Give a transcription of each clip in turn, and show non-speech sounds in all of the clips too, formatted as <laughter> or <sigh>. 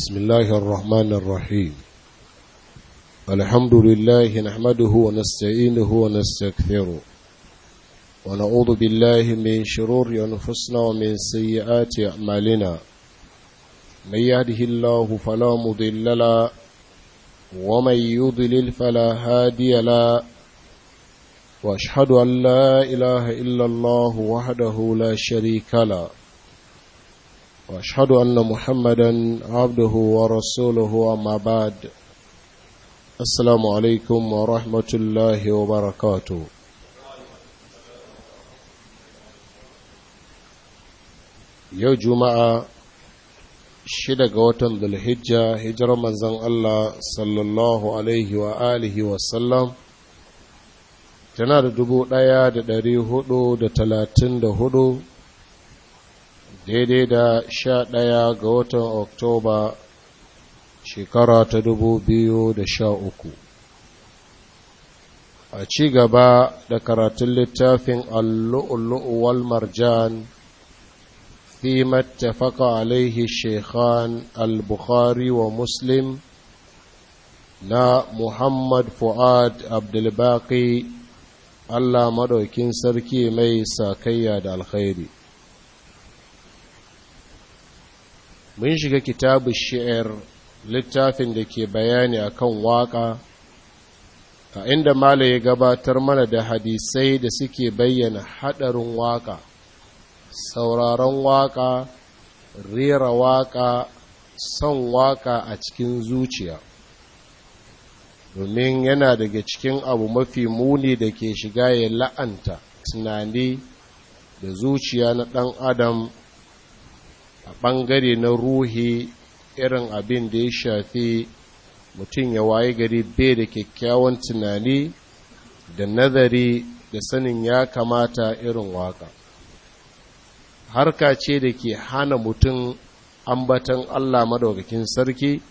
بسم الله الرحمن الرحيم الحمد لله نحمده ونستعينه ونستكثره ونعوذ بالله من شرور أنفسنا ومن سيئات أعمالنا من يهده الله فلا مضل له ومن يضلل فلا هادي له وأشهد أن لا إله إلا الله وحده لا شريك له واشهد ان محمدا عبده ورسوله اما بعد السلام عليكم ورحمه الله وبركاته yau juma'a shida ga watan dulhijja hijirar manzan Allah sallallahu alaihi wa alihi tana da dubu ɗaya da ɗari hudu da talatin da hudu daidai da sha ɗaya ga watan oktoba shekara ta dubu biyu da sha uku a ci gaba da karatun littafin allu'ullu'u wal marjan fi mattafaka alaihi shekhan al-bukhari wa muslim na muhammad fu'ad abdulbaki allah maɗaukin sarki mai sakayya da alkhairi mun shiga kitabu shi'ar littafin da ke bayani a kan waƙa, a inda mala ya gabatar mana da hadisai da suke bayyana haɗarin waƙa, sauraron waƙa, rera waƙa, son waƙa a cikin zuciya domin yana daga cikin abu mafi muni da ke shiga ya la'anta tunani da zuciya na ɗan adam a ɓangare na ruhi irin abin da ya shafi mutum ya waye gari bai da kyakkyawan tunani da nazari da sanin ya kamata irin waka harka ce da ke hana mutum ambatan Allah madaukakin sarki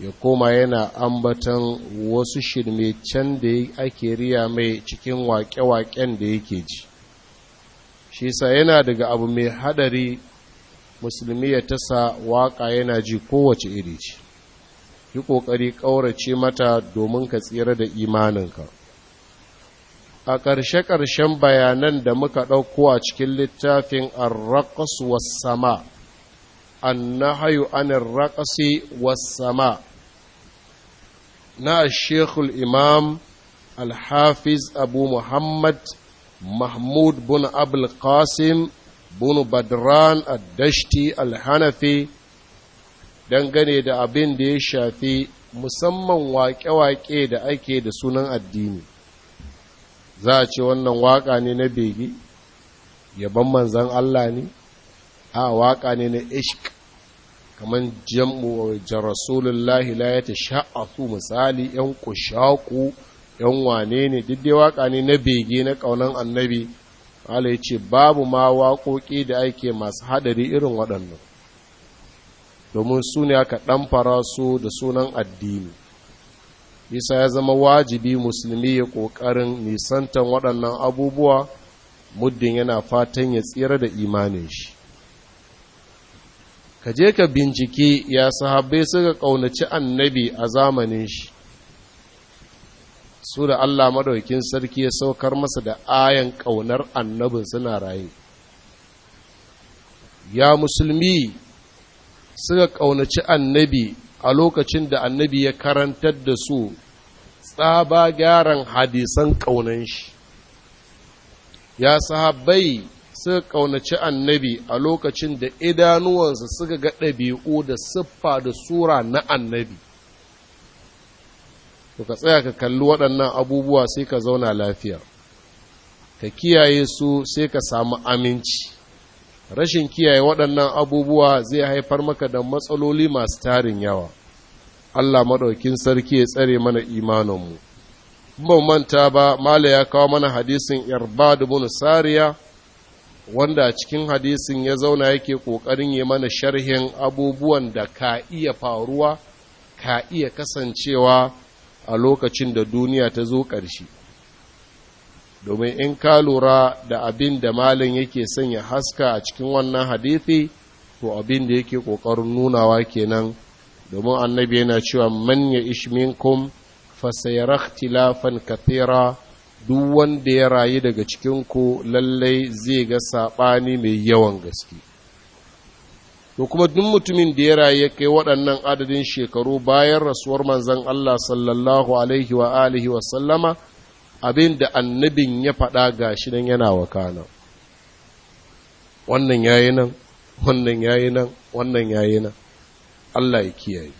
ya koma yana ambatan wasu shirme can da ake riya mai cikin waƙe-waƙen da yake ji shi sa yana daga abu mai hadari musulmi ya tasa waƙa yana ji kowace iri ce yi ƙoƙari ƙaurace mata domin ka tsira da imaninka a ƙarshe-ƙarshen bayanan da muka ɗauko a cikin littafin arraƙas wassama an na hayu anin raƙasi na shekul imam alhafiz abu muhammad mahmud bin abul qasim bunu badran addashti alhanafi dangane da abin da ya shafi musamman waƙe-waƙe da ake da sunan addini za a ce wannan waƙa ne na begi yaban manzan Allah ne a waƙa ne na ishq kamar jam'u rasulullahi la ya ta sha'afu misali ‘yan kushaku ‘yan wane ne duk waka ne na bege na ƙaunan annabi Allah ya ce babu ma waƙoƙi da ake masu haɗari irin waɗannan domin su ne aka fara su da sunan addini isa ya zama wajibi musulmi ya ƙoƙarin nisantan waɗannan abubuwa muddin yana fatan ya tsira da imanin shi ka je ka bincike ya sahabbai suka ƙaunaci annabi a zamanin shi su da Allah madaukin sarki ya saukar masa da ayan ƙaunar annabin suna raye ya musulmi suka ƙaunaci annabi a lokacin da annabi ya karantar da su tsaba gyaran hadisan ƙaunan shi ya sahabbai suka ƙaunaci annabi a lokacin da idanuwansa suka ga ɗabi'u da siffa da sura na annabi to ka tsaya ka kalli waɗannan abubuwa sai ka zauna lafiya ka kiyaye su sai ka samu aminci rashin kiyaye waɗannan abubuwa zai haifar maka da matsaloli masu tarin yawa Allah maɗaukin sarki ya tsare mana imaninmu ban manta ba mala ya kawo mana hadisin da bin sariya wanda cikin hadisin ya zauna yake ƙoƙarin yi mana sharhin abubuwan da ka iya faruwa ka iya kasancewa a lokacin da duniya ta zo ƙarshe domin in ka lura da abin da malin yake sanya haska a cikin wannan hadithi to abin da yake ƙoƙarin nunawa kenan domin annabi yana cewa manya ishminkum fasayara tilafan kathira duk wanda ya rayu daga cikinku lallai zai ga saɓani mai yawan gaske to kuma duk mutumin da ya raye kai waɗannan adadin shekaru bayan rasuwar manzan Allah sallallahu alaihi wa alihi wa sallama abin da annabin ya faɗa ga shi nan yana wakana wannan yayi nan wannan yayi nan wannan yayi nan Allah ya kiyaye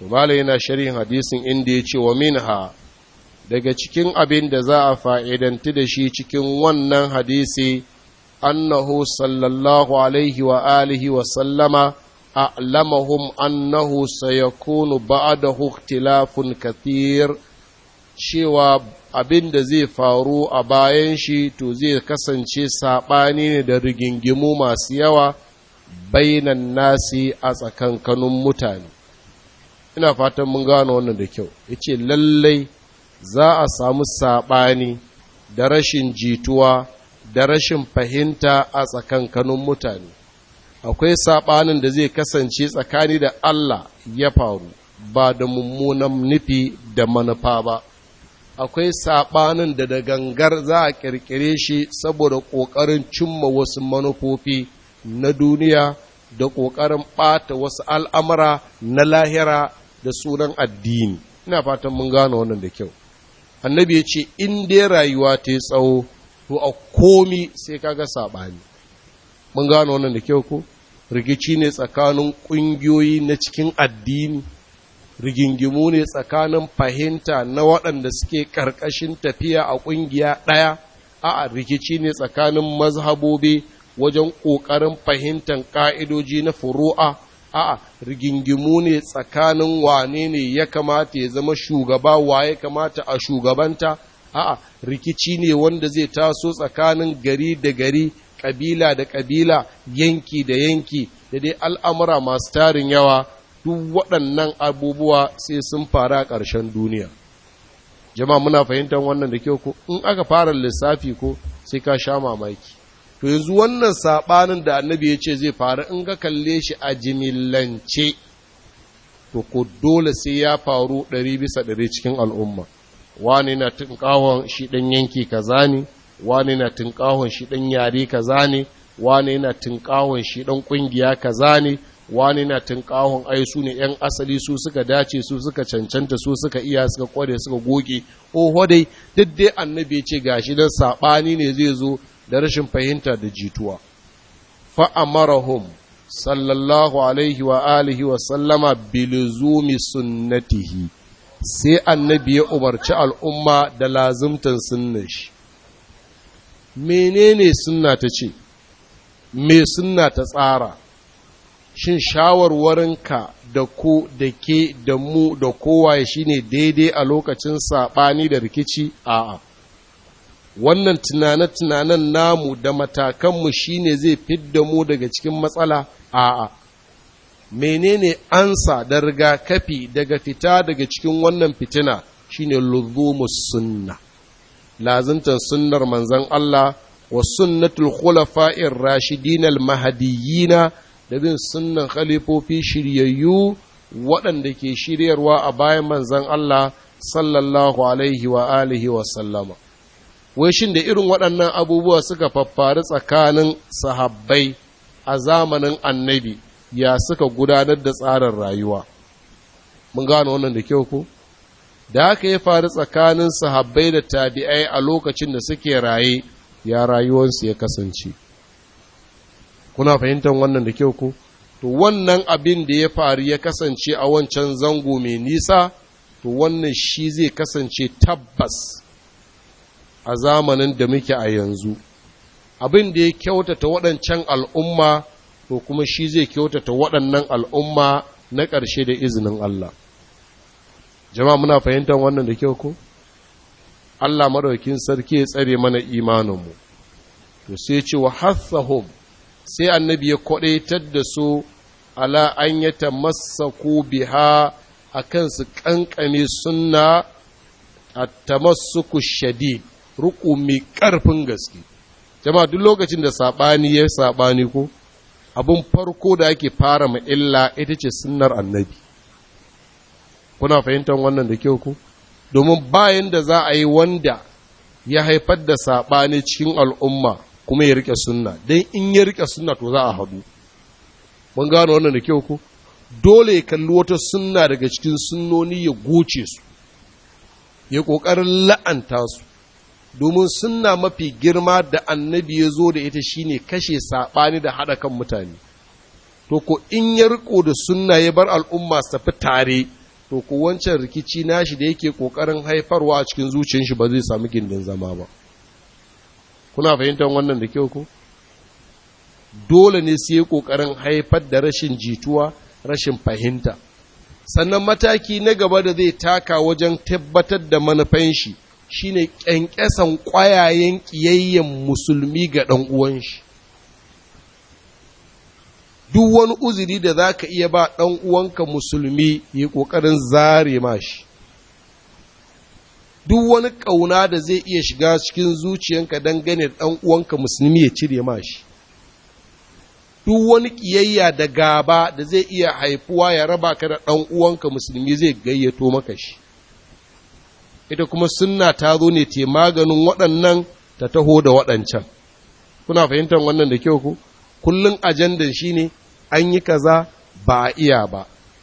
to bala yana shirin hadisin inda ya ce wa minha daga cikin abin da za a fa'idanti da shi cikin wannan hadisi annahu sallallahu alaihi wa alihi wa sallama أعلمهم أنه سيكون بعده اختلاف كثير cewa abin da zai faru a bayan shi to zai kasance saɓani ne da rigingimu masu yawa bainan nasi a tsakankanin mutane ina fatan mun gano wannan da kyau ya ce lallai za a samu saɓani da rashin jituwa da rashin fahimta a tsakankanin mutane akwai saɓanin da zai kasance tsakani da Allah ya faru ba da mummunan nufi da manufa ba akwai saɓanin da da gangar za a ƙirƙire shi saboda ƙoƙarin cimma wasu manufofi na duniya da ƙoƙarin ɓata wasu al'amura na lahira da sunan addini ina fatan mun gano wannan da kyau annabi ya ce in dai rayuwa ta yi tsawo to a komi sai kaga saɓani mun gano wannan da kyau ko rikici ne tsakanin ƙungiyoyi na cikin addini rigingimu ne tsakanin fahimta na waɗanda suke ƙarƙashin tafiya a ƙungiya ɗaya a rikici ne tsakanin mazhabobi wajen ƙoƙarin fahimtar ƙa'idoji na furu'a a rigingimu ne tsakanin wane ne ya kamata ya zama shugaba wa ya kamata a shugabanta a'a rikici ne wanda zai taso tsakanin gari da gari kabila da kabila yanki da yanki da dai al'amura masu tarin yawa duk waɗannan abubuwa sai sun fara a ƙarshen duniya jama muna fahimtar wannan da kyau ko in aka fara lissafi ko sai ka sha mamaki to yanzu wannan saɓanin da annabi ya ce zai faru in ka kalle shi a jimillance to ko dole sai ya faru ɗari bisa ɗari cikin al'umma wani na tunkawon shi ɗan yanki kaza ne wani na tunkawon shi ɗan yare kaza ne wani na tunkawon shi ɗan ƙungiya kaza ne wani na tunkahon ai su ne ‘yan asali su suka dace su suka cancanta su suka iya suka kware suka goge oho dai duk dai annabi ce gashi don saɓani ne zai zo da rashin fahimta da jituwa fa'amarahum sallallahu alaihi wa wa sallama bilizumi sunnatihi sai annabi ya umarci al'umma da lazimtan sunnan shi menene sunna ta ce me sunna ta tsara shin shawarwarinka da ku da ke da mu da kowa shine daidai a lokacin saɓani da rikici a'a wannan tunane-tunanen namu da matakanmu shine zai fidda mu daga cikin matsala a'a menene ansa da rigakafi daga fita daga cikin wannan fitina shine luzumus sunna lazimtan sunnar manzon Allah wa sunnatul khulafa'ir rashidin al mahdiyina da bin sunnan khalifofi shiryayyu waɗanda ke shiryarwa a bayan manzon Allah sallallahu alaihi wa alihi wa sallama wai shin da irin waɗannan abubuwa suka faffari tsakanin sahabbai a zamanin annabi ya suka gudanar da tsarin rayuwa mun gano wannan da kyau ko da haka ya faru tsakanin sahabbai da tabi'ai a lokacin da suke raye ya rayuwarsu ya kasance kuna fahimtar wannan da kyau ko to wannan abin da ya faru ya kasance a wancan zango mai nisa to wannan shi zai kasance tabbas a zamanin da muke a yanzu abin da ya kyautata waɗancan al'umma to kuma shi zai kyautata waɗannan al'umma na ƙarshe da izinin Allah jama'a muna fahimtar wannan da kyau ko Allah maraukin sarki ya tsare mana imaninmu to sai ce wa hassahum sai annabi ya kwaɗaitar da su ala an yi ta tamassaku biha akan su suna sunna ta tamassuku shadid ruku mai ƙarfin gaske jama'a duk lokacin da saɓani ya saɓani ko Abin farko da ake fara mu illa ita ce sunnar annabi kuna fahimtar wannan da kyau ku domin bayan da za a yi wanda ya haifar da saɓani cikin al'umma kuma ya rike sunna don in ya rike sunna to za a haɗu mun gano wannan da kyau ku dole ya kalli wata sunna daga cikin sunnoni ya goce su ya ƙoƙarin la'anta su domin suna mafi girma da annabi ya zo da ita shine kashe saɓani da haɗa kan mutane to ko in ya riko da sunna ya bar al'umma su tafi tare to ko wancan rikici nashi da yake ƙoƙarin haifarwa a cikin zuciyar shi ba zai samu gindin zama ba kuna fahimtar wannan da kyau ko dole ne su yi ƙoƙarin haifar da rashin jituwa rashin fahimta sannan mataki na gaba da zai taka wajen tabbatar da manufan shi shine kyankyasan ƙwayayen ƙiyayyen musulmi ga ɗan uwan shi duk wani uzuri da za ka iya ba ɗan uwanka musulmi ya ƙoƙarin zare ma shi duk wani ƙauna da zai iya shiga cikin zuciyanka don gane ɗan uwanka musulmi ya cire ma shi duk wani ƙiyayya da gaba da zai iya haifuwa ya raba ka da ɗan uwanka musulmi zai gayyato maka shi ita kuma sunna ta zo ne te maganin waɗannan ta taho da waɗancan kuna fahimtar wannan da kyau ku kullun ajandan shine an yi kaza ba a iya ba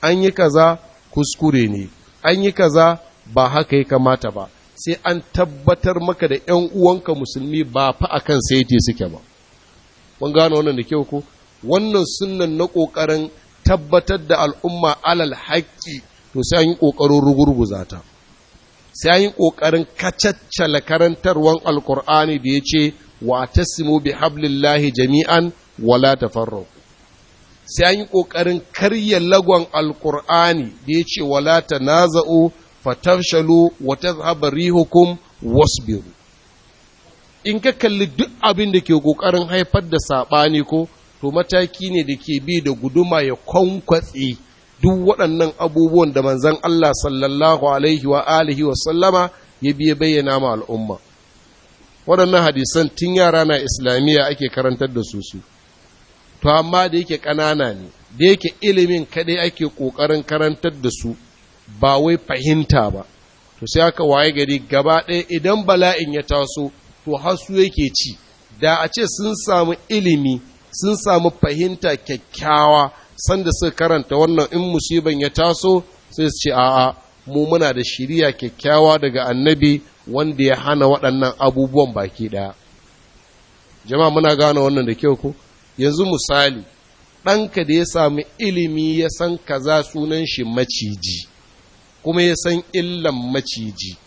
an yi kaza kuskure ne an yi kaza ba haka ya kamata ba sai an tabbatar maka da ‘yan uwanka musulmi ba fa a kan saiti suke ba. Mun gano wannan da kyau ku? Wannan sunan na ƙoƙarin tabbatar da al'umma alal haƙƙi to sai an yi ƙoƙarin rugurguza ta. sai yin ƙoƙarin kacaccala karantarwan alkur'ani da ya ce wa tasimu bi hablillahi jami'an wala tafarraqu sai ƙoƙarin karya lagon alkur'ani da ya ce wala tanaza'u fatafshalu wa hukum rihukum wasbiru in ka kalli duk abin da ke ƙoƙarin haifar da saɓani ko to mataki ne da ke bi da guduma ya kwankwatse duk waɗannan abubuwan da manzan Allah sallallahu alaihi wa alihi wa sallama ya biya bayyana ma al'umma waɗannan hadisan tun yara na islamiyya ake karantar da su su to amma da yake ƙanana ne da yake ilimin kaɗai ake ƙoƙarin karantar da su ba wai fahimta ba to sai aka waye gari gaba ɗaya idan bala'in ya taso to hasu yake ci da a ce sun samu ilimi sun samu fahimta kyakkyawa sanda suka karanta wannan in musiban ya taso sai su ce a'a mu muna da shiriya kyakkyawa daga annabi wanda ya hana waɗannan abubuwan baki ɗaya jama'a muna gane wannan da kyau ko yanzu misali ɗanka da ya sami ilimi ya san kaza sunan shi maciji kuma ya san illan maciji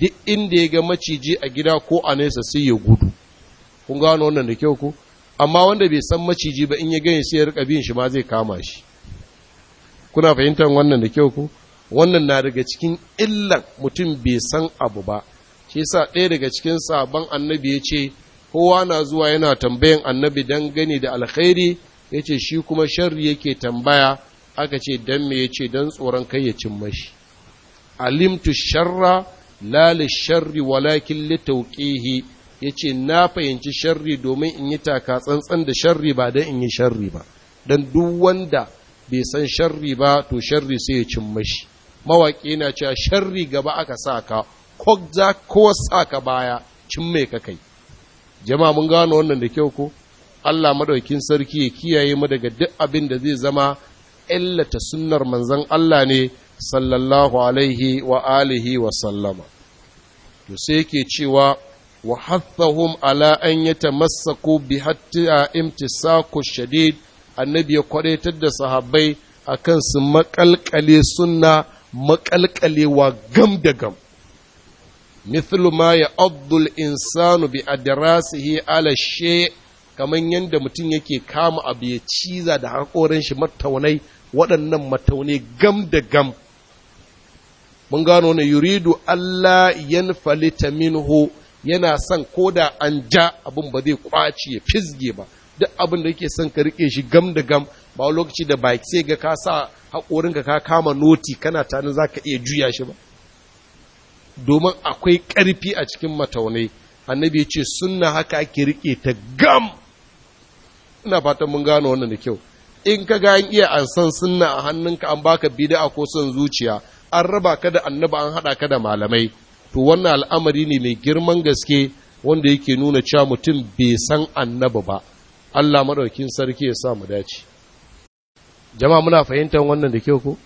duk inda ya ga maciji a gida ko a nesa sai ya gudu kun gano wannan da kyau ko amma wanda bai san maciji ba in ya gani sai ya rika bin shi ma zai kama shi kuna fahimtar wannan da kyau ko wannan na daga cikin illan mutum bai san abu ba shi yasa ɗaya daga cikin sabon annabi ya ce kowa na zuwa yana tambayan annabi dan gani da alkhairi ya ce shi kuma sharri yake tambaya aka ce dan me ya ce dan tsoron kai ya cin mashi alimtu sharra la sharri walakin li tawqihi ya ce na fahimci sharri domin in yi taka tsantsan da sharri ba don in yi sharri ba don duk wanda bai san sharri ba to sharri sai ya cin mashi mawaƙi na cewa sharri gaba aka sa ka kwak za ko sa ka baya cin mai ka kai jama'a mun gano wannan da kyau ko Allah madaukin sarki ya kiyaye mu daga duk abin da zai zama illata sunnar manzon Allah ne sallallahu alaihi wa alihi wa sallama to sai yake cewa wa hathahum ala an yatamassaku bi hatta imtisaku shadid annabi ya kwadaitar da sahabbai akan su makalkale sunna maƙalƙalewa gam da gam mithlu ma ya abdul insanu bi adrasihi ala shay kaman yanda mutum yake kama abu ya ciza da hakorin shi mataunai waɗannan mataunai gam da gam mun gano ne yuridu Allah yanfalita minhu yana son ko da an ja abin ba zai kwace ya fizge ba duk abin da yake son ka rike shi gam da gam ba lokaci da baki sai ga ka sa haƙorinka ka kama noti kana tani za ka iya juya shi ba domin akwai ƙarfi a cikin mataunai annabi ya ce sunna haka ake rike ta gam ina fatan mun gano wannan da kyau in ka ga an iya an san sunna a hannunka an baka bid'a ko son zuciya an raba ka da annaba an haɗa ka da malamai to wannan al'amari ne mai girman gaske wanda yake nuna cewa mutum bai san annaba ba Allah maɗaukin sarki ya sa mu dace Jama muna fahimtar wannan da kyau ko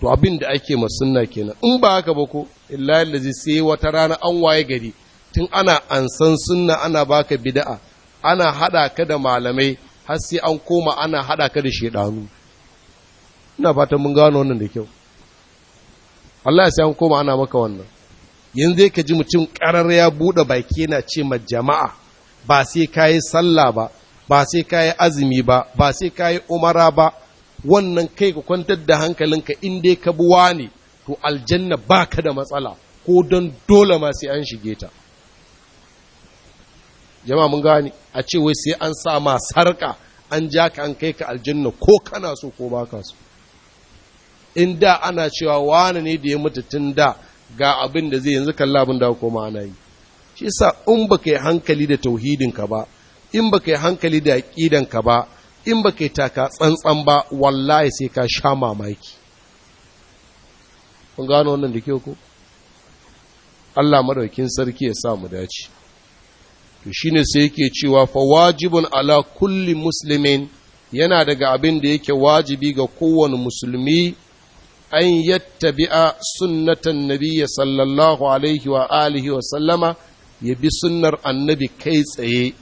to abin da ake masunna kenan in ba haka ba ko illa zai sai wata rana an waye gari tun ana ansan sunna ana baka bida'a, ana hada ka da malamai har sai an koma ana hada ka da shaidanu. ina fatan mun gano wannan da kyau Allah sai an koma ana maka wannan yanzu ka ji mutum ƙarar ya buɗe baki yana ce ma jama'a ba sai ka yi sallah ba ba sai ka yi azumi ba ba sai ka yi umara ba wannan kai ka kwantar da hankalinka in dai ka buwa ne to aljanna ba ka da matsala ko don dole ma sai an shige ta jama'a mun gane a ce wai sai an sa ma sarka an ja ka an kai ka aljanna ko kana so ko ba ka so in da ana cewa wane ne da ya mutu tun da ga abin da zai yanzu kalla abin da koma ana yi shi sa in ka yi hankali da tauhidinka ba in ka yi hankali da ka ba in ka yi taka tsantsan ba wallahi sai ka sha mamaki kun gano wannan da kyau ko Allah madaukin sarki ya sa mu dace to shine sai yake cewa fa wajibun ala kulli muslimin yana daga abin da yake wajibi ga kowane musulmi an bi'a sunnatan nabiyya sallallahu alaihi wa alihi wa sallama ya bi sunnar annabi kai tsaye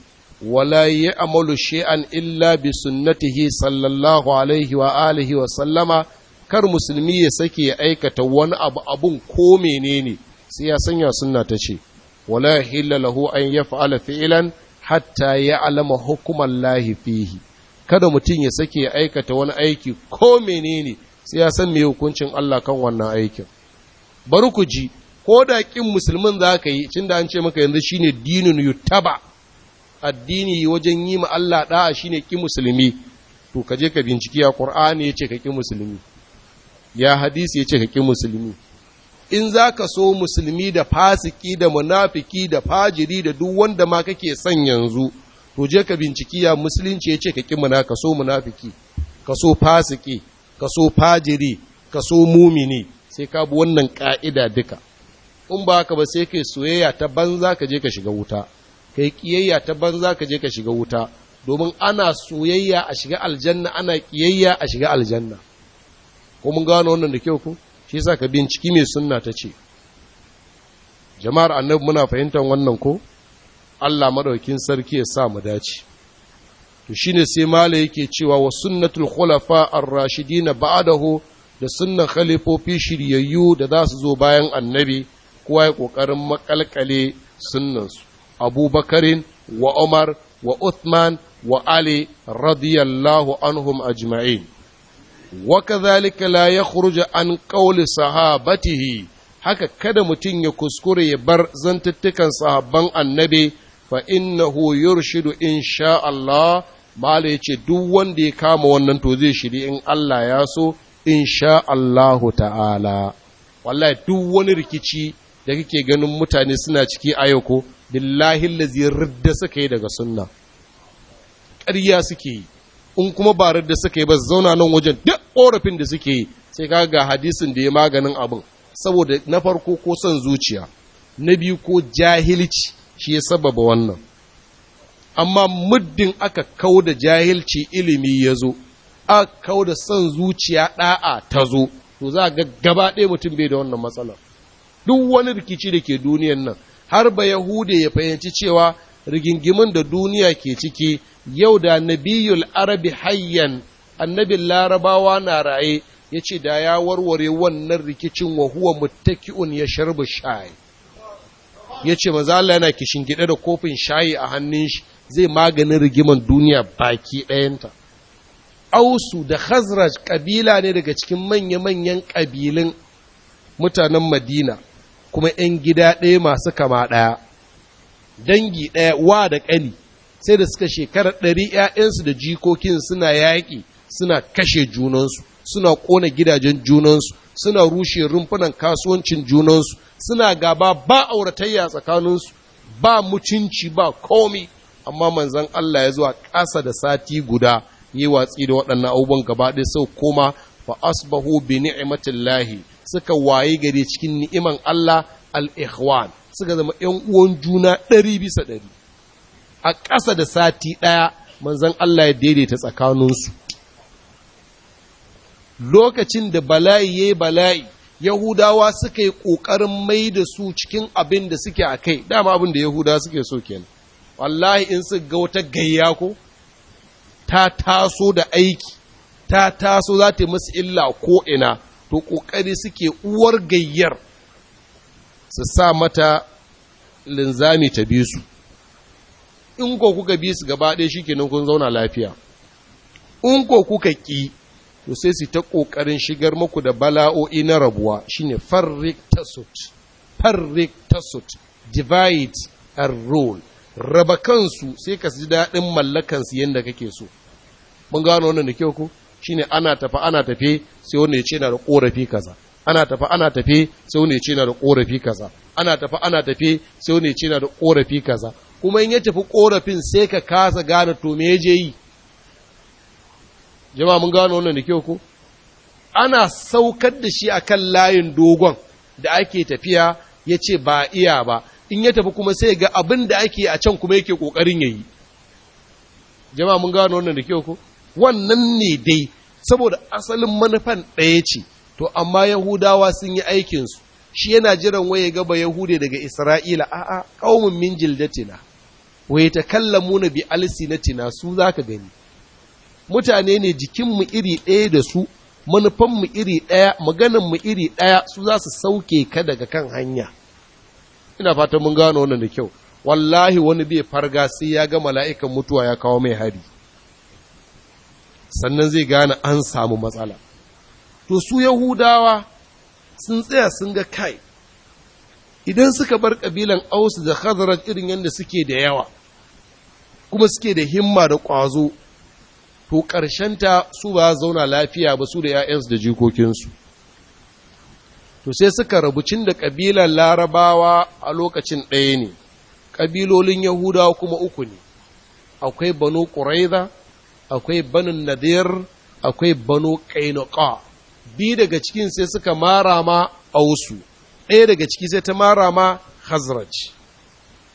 wala ya amalu shi'an illa bi sunnatihi sallallahu alaihi wa alihi wa sallama kar musulmi ya sake ya aikata wani abu abun ko menene sai ya sanya sunna ta ce wala hilla lahu an yaf'ala fi'lan hatta ya alama hukuman lahi fihi kada mutum ya sake ya aikata wani aiki ko menene sai ya san mai hukuncin Allah kan wannan aikin bari ku ji ko da ƙin musulmin za ka yi cin da an ce maka yanzu shine dinin yutaba addini wajen yi ma Allah shi shine ƙin musulmi to ka je ka binciki ya ce ka ƙin musulmi ya hadisi ce ka ƙin musulmi in za ka so musulmi da fasiki da munafiki da fajiri da duk wanda ma kake son yanzu to je ka binciki ya musulunci ya ce ka ƙin muna ka so munafiki ka so fasiki ka so fajiri ka so mumini sai ka bi wannan ka'ida duka in ba haka ba sai kai soyayya ta banza ka je ka shiga wuta kai kiyayya ta banza ka je ka shiga wuta domin ana soyayya a shiga aljanna ana kiyayya a shiga aljanna ko mun gano wannan da kyau ko shi yasa ka binciki mai sunna ta ce jama'ar annabi muna fahimtar wannan ko Allah madaukin sarki ya sa mu dace to shine sai mala yake cewa wa sunnatul khulafa ar-rashidin ba'dahu da sunnan khalifofi shiryayyu da za su zo bayan annabi kowa ya kokarin makalkale sunnansu abubakarin wa umar wa uthman wa ali radiyallahu anhum ajma'in wa kadhalika la yakhruj an qawli sahabatihi haka kada mutum ya kuskure ya bar zantuttukan sahabban annabi fa innahu yurshidu insha Allah mala yace duk wanda ya kama wannan to zai shiri in Allah ya so insha Allahu ta'ala wallahi duk wani rikici da kake ganin mutane suna ciki a yau ko billahi allazi ridda suka yi daga sunna ƙarya suke yi in kuma ba ridda suka yi ba zauna nan wajen duk ƙorafin da suke yi sai ka ga hadisin da ya maganin abin saboda na farko ko son zuciya na biyu ko jahilci shi ya sababa wannan amma muddin aka kau da jahilci ilimi ya zo aka kau da son zuciya ɗa'a ta zo to za ga gaba ɗaya mutum bai da wannan matsalar duk wani rikici da ke duniyan nan har ba yahude ya fahimci cewa rigingimin da duniya ke ciki yau da nabiyul arabi hayyan annabin larabawa na raye ya ce da ya warware wannan rikicin wa huwa muttaki'un ya sharbi shayi ya ce maza Allah yana kishin gida da kofin shayi a hannun shi zai maganin rigiman duniya baki ɗayanta ausu da khazraj kabila ne daga cikin manya-manyan kabilun mutanen madina kuma 'yan gida ɗaya masu kama ɗaya dangi ɗaya wa da ƙani sai da suka shekarar ɗari 'ya'yansu da jikokin suna yaƙi suna kashe junansu suna ƙona gidajen junansu suna rushe rumfunan kasuwancin junansu suna gaba ba auratayya tsakaninsu ba mutunci ba komi amma manzan Allah ya zuwa ƙasa da sati guda yi watsi da waɗannan abubuwan gaba ɗaya sau koma fa asbahu bi lahi suka waye gare cikin ni'iman Allah al-ikhwan suka zama ƴan uwan juna ɗari bisa ɗari a ƙasa da sati ɗaya manzan Allah ya daidaita tsakaninsu lokacin da bala'i ya yi bala'i yahudawa suka yi ƙoƙarin mai da su cikin abin da suke a kai dama abin da yahudawa suke so kenan wallahi in su ga wata gayya ko ta taso da aiki ta taso za ta musu illa ko ina to ƙoƙari suke uwar gayyar su sa mata linzami ta bi su in ko kuka bi su gaba ɗaya shi kenan kun zauna lafiya in ko kuka ƙi to sai su ta ƙoƙarin shigar muku da bala'o'i na rabuwa shine farrik tasut farrik tasut divide and rule raba kansu sai ka ji daɗin mallakansu yadda kake so mun gano wannan da kyau ko shine ana tafa ana tafe sai wanda ya ce na da ƙorafi kaza ana tafa ana tafe sai wanda ya ce na da ƙorafi kaza ana tafa ana tafe sai wanda ya ce na da ƙorafi kaza kuma in ya tafi ƙorafin sai ka kasa gane to me je yi jama'a mun gano wannan da kyau ko ana saukar da shi akan layin dogon da ake tafiya ya ce ba iya ba in ya tafi kuma sai ga abin da ake a can kuma yake ƙoƙarin ya yi jama'a mun gano wannan da kyau ko wannan ne dai saboda asalin manufan ɗaya ce to amma yahudawa sun yi aikinsu shi yana jiran waye gaba yahude daga isra'ila a'a ƙaumin min jildatina wa na bi alsinatina su zaka gani mutane ne jikinmu iri ɗaya da su manufanmu iri ɗaya maganarmu iri ɗaya su za su sauke ka daga kan hanya ina fatan mun gano wannan da kyau wallahi wani bai farga sai ya ga mala'ikan mutuwa ya kawo mai hari sannan zai gane an samu matsala to su yahudawa sun tsaya sun ga kai idan suka bar ƙabilan ausu da khazaraj irin yadda suke da yawa kuma suke da himma da ƙwazo to ta su ba zauna lafiya ba su da 'ya'yansu da jikokinsu to sai suka rabucin da ƙabilar larabawa a lokacin ɗaya ne ƙabilolin yahudawa kuma uku ne akwai banu ƙuraiza akwai banu nadir akwai banu ƙainuka bi daga cikin sai suka mara ma ausu ɗaya daga ciki sai ta mara ma hazraci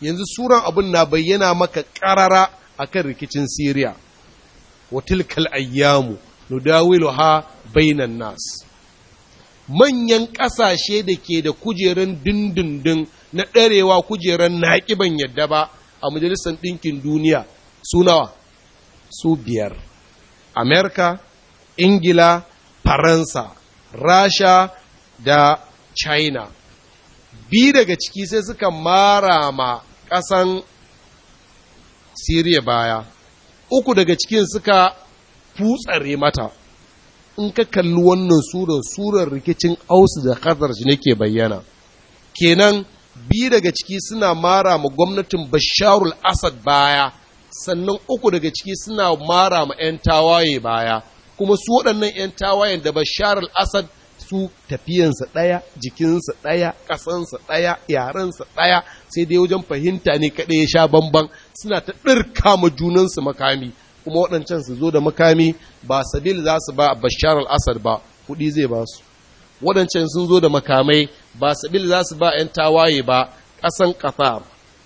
yanzu suran abin na bayyana maka ƙarara a kan rikicin siriya wa tilkal ayyamu ha bainan nas manyan ƙasashe da ke da kujeran dindindin na ɗarewa kujeran naƙiban ban yadda ba a majalisar ɗinkin duniya su su biyar amerika ingila faransa rasha da china bi daga ciki sai suka mara ma ƙasan siriya baya uku daga cikin suka futsare mata in ka kalli wannan surar surar rikicin ausu da khazar shi nake bayyana kenan biyu daga ciki suna mara ma gwamnatin basharul asad baya sannan uku daga ciki suna mara ma 'yan tawaye baya kuma su waɗannan 'yan tawayen da basharul asad su tafiyansa ɗaya jikinsa ɗaya ƙasansa ɗaya yarensa ɗaya sai dai wajen fahimta ne kaɗai ya sha bamban suna ta ɗirka ma junansu makami kuma waɗancan su zo da makami ba sabil za su ba bashar al-asad ba kuɗi zai ba su waɗancan sun zo da makamai ba sabil za su ba 'yan tawaye ba ƙasan qatar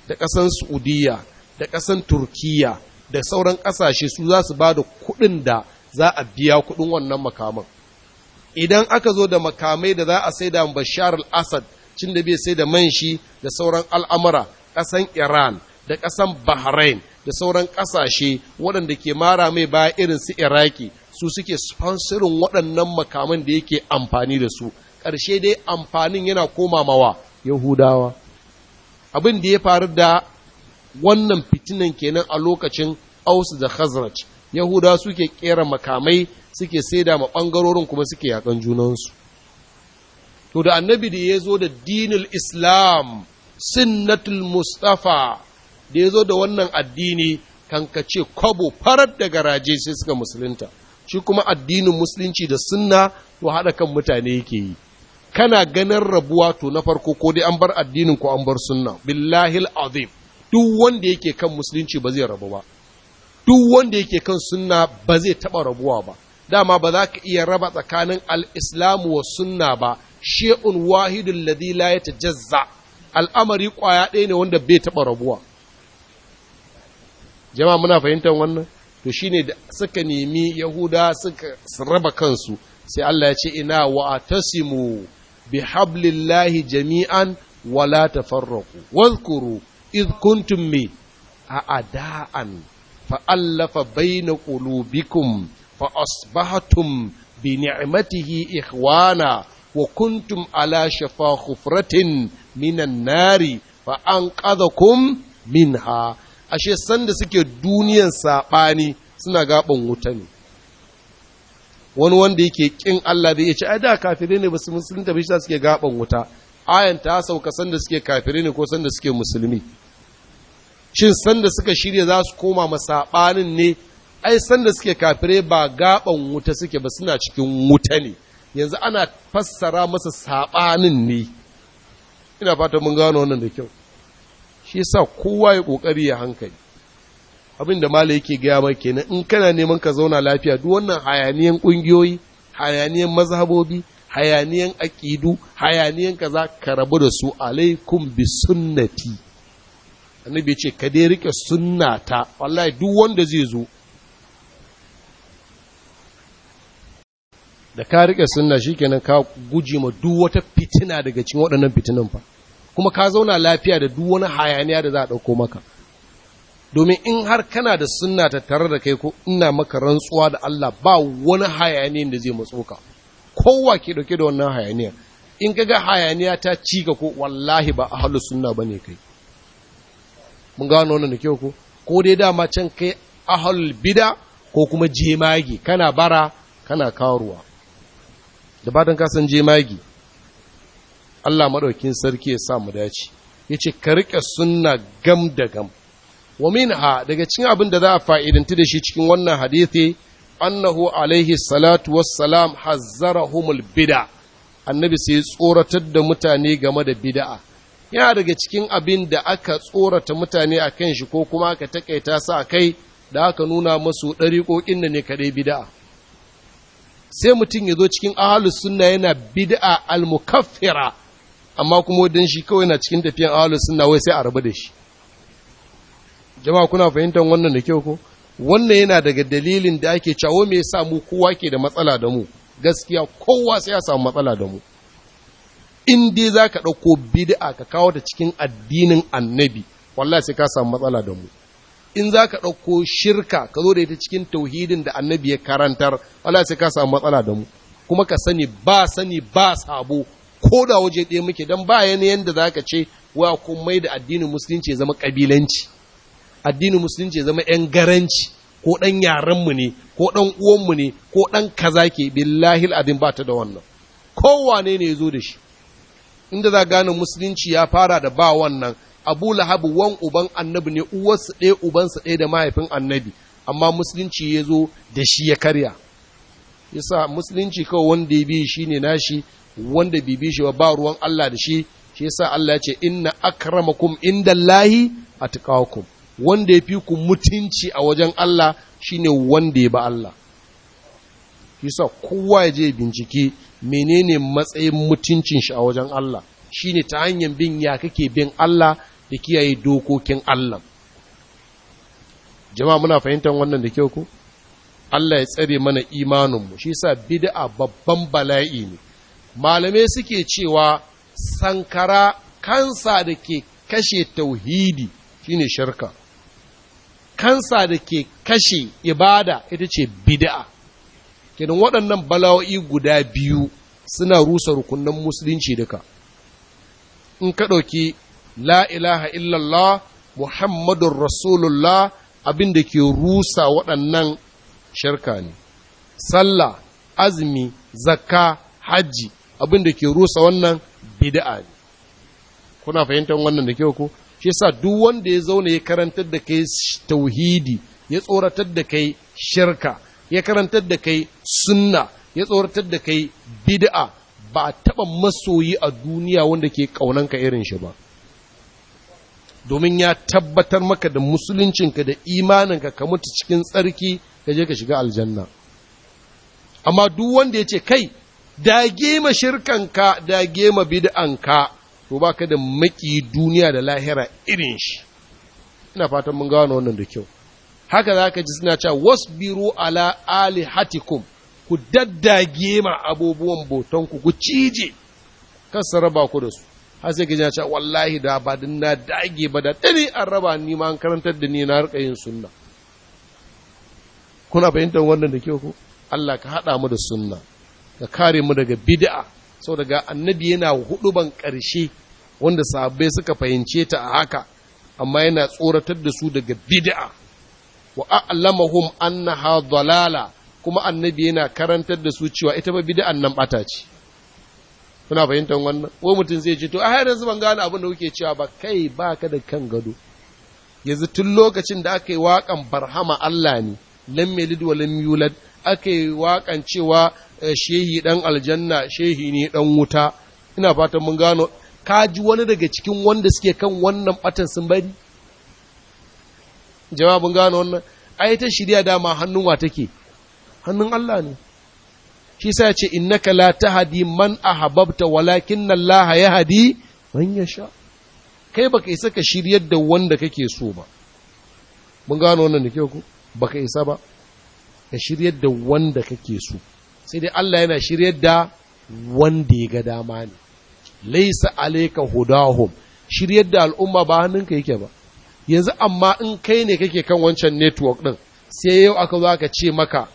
da ƙasan saudiya da ƙasan turkiya da sauran ƙasashe su za su ba da kuɗin da za a biya kuɗin wannan makaman idan aka zo da makamai da za a sai da bashar al-asad cin da bai sai da man shi da sauran al'amura ƙasan iran da ƙasan bahrain da sauran ƙasashe waɗanda ke mara mai baya irin su iraki su suke sponsorin waɗannan makaman da yake amfani da su ƙarshe dai amfanin yana koma mawa yahudawa abin da ya faru da wannan fitinan kenan a lokacin aus da khazraj yahudawa suke ƙera makamai suke saida ma ɓangarorin kuma suke yaƙan junansu to da annabi da ya zo da Dinin islam sunnatul mustafa da ya zo da wannan addini kan kankace kwabo farar da garaje sai suka musulunta shi kuma addinin musulunci da sunna to haɗa kan mutane yake yi kana ganin rabuwa to na farko ko dai an bar addinin ko an bar sunna billahil azim duk wanda yake kan musulunci ba zai rabu ba duk wanda yake kan sunna ba zai taɓa rabuwa ba dama ba za ka iya raba tsakanin al'islamu wa sunna ba shi'un wahidun ladhi la yatajazza al'amari kwaya ɗaya ne wanda bai taba rabuwa jama'a muna fahimtar wannan to shine da suka nemi yahuda suka raba kansu sai Allah ya ce ina wa atasimu bi hablillahi jami'an wala tafarraqu wadhkuru id kuntum mi a'da'an fa allafa baina qulubikum fa asbahatum bi ni'matihi ikhwana wa kuntum ala shafa khufratin minan nari fa anqadhakum minha ashe sanda suke duniyan saɓani suna gaban wuta ne wani wanda yake kin Allah da ya ce ai da kafirai ne basu musulmi ba shi suke gaban wuta ayan ta sauka sanda suke kafirai ne ko sanda suke musulmi shin sanda suka shirya za su koma saɓanin ne ai sanda suke kafire ba gaban wuta suke ba suna cikin wuta ne yanzu ana fassara masa saɓanin ne ina fata mun gano wannan da kyau shi sa kowa ya kokari ya hankali abinda da mala yake gaya ma kenan in kana neman ka zauna lafiya duk wannan hayaniyan kungiyoyi hayaniyan mazhabobi hayaniyan aqidu hayaniyan kaza ka rabu da su alaikum bi sunnati annabi ce ka dai rike sunnata wallahi duk wanda zai zo da ka rike sunna shikenan ka guje ma duk wata fitina daga cikin waɗannan fitinan fa kuma ka zauna lafiya da duk wani hayaniya da za a ɗauko maka domin in har kana da sunna tattare da kai ko ina maka rantsuwa da Allah ba wani hayaniyan da zai matso ka kowa ke dauke da wannan hayaniya in ga hayaniya ta ci ka ko wallahi ba ahlu sunna ne kai mun gano wannan da kyau ko ko dai dama can kai ahlul bida ko kuma jemagi kana bara kana karuwa da ka san jemagi Allah maɗaukin sarki ya sa mu dace ya ce ka riƙe sunna gam da gam wa minha daga cikin abin da za a fa'idanti da shi cikin wannan hadithi annahu alaihi salatu wassalam humul bid'a annabi sai tsoratar da mutane game da bida'a. yana daga cikin abin da aka tsorata mutane a kan shi ko kuma aka taƙaita sa kai da aka nuna masu ɗariƙoƙin da ne kaɗai bida'a sai mutum ya zo cikin ahalus sunna yana bida'a mukaffira amma kuma wadin shi kawai na cikin tafiyan ahalus sunna wai sai a rabu da shi jama'a kuna fahimtar wannan da kyau ko wannan yana daga dalilin da ake cawo me yasa mu kowa ke da matsala da mu gaskiya kowa sai ya samu matsala da mu in dai zaka dauko bid'a ka kawo ta cikin addinin annabi wallahi sai ka samu matsala da mu in zaka ɗauko shirka ka zo da ita cikin tauhidin da annabi ya karantar wallahi sai ka samu matsala da mu kuma ka sani ba sani ba sabo ko da waje ɗaya muke don ba yanayin da za ka ce wa kun mai da addinin musulunci zama ƙabilanci addinin musulunci zama ‘yan garanci ko ɗan yarenmu ne ko ɗan uwanmu ne ko ɗan kaza ke lahil abin ba ta da wannan kowane ne ya zo da shi inda za gane musulunci ya fara da ba wannan abu lahabu wan uban annabi ne uwarsu ɗaya ubansa ɗaya da mahaifin annabi amma musulunci ya zo da shi ya karya yasa musulunci kawai wanda ya bi shi ne nashi wanda bibi bi shi ba ruwan Allah da shi shi yasa Allah ya ce inna akramakum indallahi atqakum wanda ya fi ku mutunci a wajen Allah shine wanda ya ba Allah yasa kowa ya je bincike menene matsayin mutuncin shi a wajen Allah shine ta hanyar bin ya kake bin Allah da kiyaye dokokin Allah jama'a muna fahimtar wannan da kyau ku Allah ya tsare mana imanin mu shi yasa bid'a babban bala'i ne malamai suke cewa sankara kansa da ke kashe tauhidi shine shirka kansa da ke kashe ibada ita ce bid'a kenan waɗannan bala'o'i guda biyu suna rusa rukunan musulunci duka in ka ɗauki la ilaha illallah muhammadun rasulullah abin da ke rusa waɗannan shirka ne sallah azumi zakka hajji abin da ke rusa wannan bid'a ne kuna fahimtar wannan da kyau ko shi yasa duk wanda ya zauna ya karantar da kai tauhidi ya tsoratar da kai shirka ya karantar da kai sunna ya tsoratar da kai bid'a ba a taba masoyi a duniya wanda ke ka irin shi ba domin ya tabbatar maka da musuluncinka da imaninka ka mutu cikin tsarki ka je ka shiga aljanna amma duk wanda ya ce kai dage ma shirkanka dage ma bid'anka to baka da maki duniya da lahira irin shi ina fatan mun gano wannan da kyau haka zaka ji suna cewa wasbiru ala alihatikum ku daddage ma abubuwan botan ku cije kan ku da su har sai gina cewa wallahi da ba din na dage ba da tani an raba ni ma an karantar da ni na rika yin sunna kuna fahimtar wannan da kyau ko Allah ka haɗa mu da sunna ka kare mu daga bid'a sau daga annabi yana huduban karshe wanda sabai suka fahimce ta a haka amma yana tsoratar da su daga bid'a wa a'lamahum annaha dalala kuma annabi yana karantar da su cewa ita ba bid'an nan bata ce kuna fahimtar wannan wai mutum zai ce to a har yanzu ban gane abin da kuke cewa ba kai baka da kan gado yanzu tun lokacin da aka yi waƙan barhama Allah ne lam yalid wa lam yulad ake waƙancewa cewa eh, shehi ɗan aljanna shehi ne ɗan wuta ina fatan mun gano ka ji wani daga cikin wanda suke kan wannan ɓatan sun bari jama'a mun gano wannan ai ta shirya dama hannun wa take hannun Allah ne shi sa ya ce innaka la tahdi man ahbabta walakin Allah yahdi man yasha kai baka isa ka shiryar da wanda kake so ba mun gano wannan da kyau ko baka isa ba ka shiryar da wanda kake so sai dai Allah yana shiryar da wanda ya ga dama ne laisa alayka hudahum shiryar da al'umma ba hannunka yake ba yanzu amma in kai ne kake kan wancan network din sai yau aka zo aka ce maka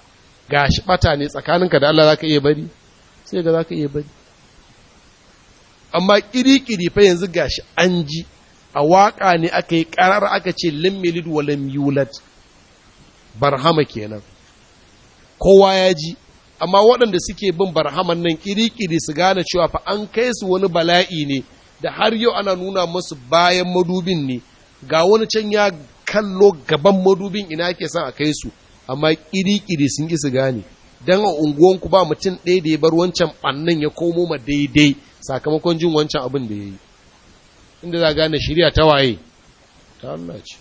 gashi bata ne tsakaninka da Allah zaka iya bari sai ga zaka iya bari amma kiri-kiri fa yanzu gashi an ji a waka ne aka yi ƙarar aka ce lim milid wa yulad barhama kenan kowa ya ji amma waɗanda suke bin barhaman nan ƙiri su gane cewa fa an kai su wani bala'i ne da har yau ana nuna masu bayan madubin ne ga wani can ya kallo gaban madubin ina ke son a kai su amma ƙiri-ƙiri sun ƙi su gane don a ku ba mutum ɗaya da ya bar wancan ɓannan ya komo ma daidai sakamakon jin wancan abin da ya yi inda za gane shirya ta waye ta Allah ce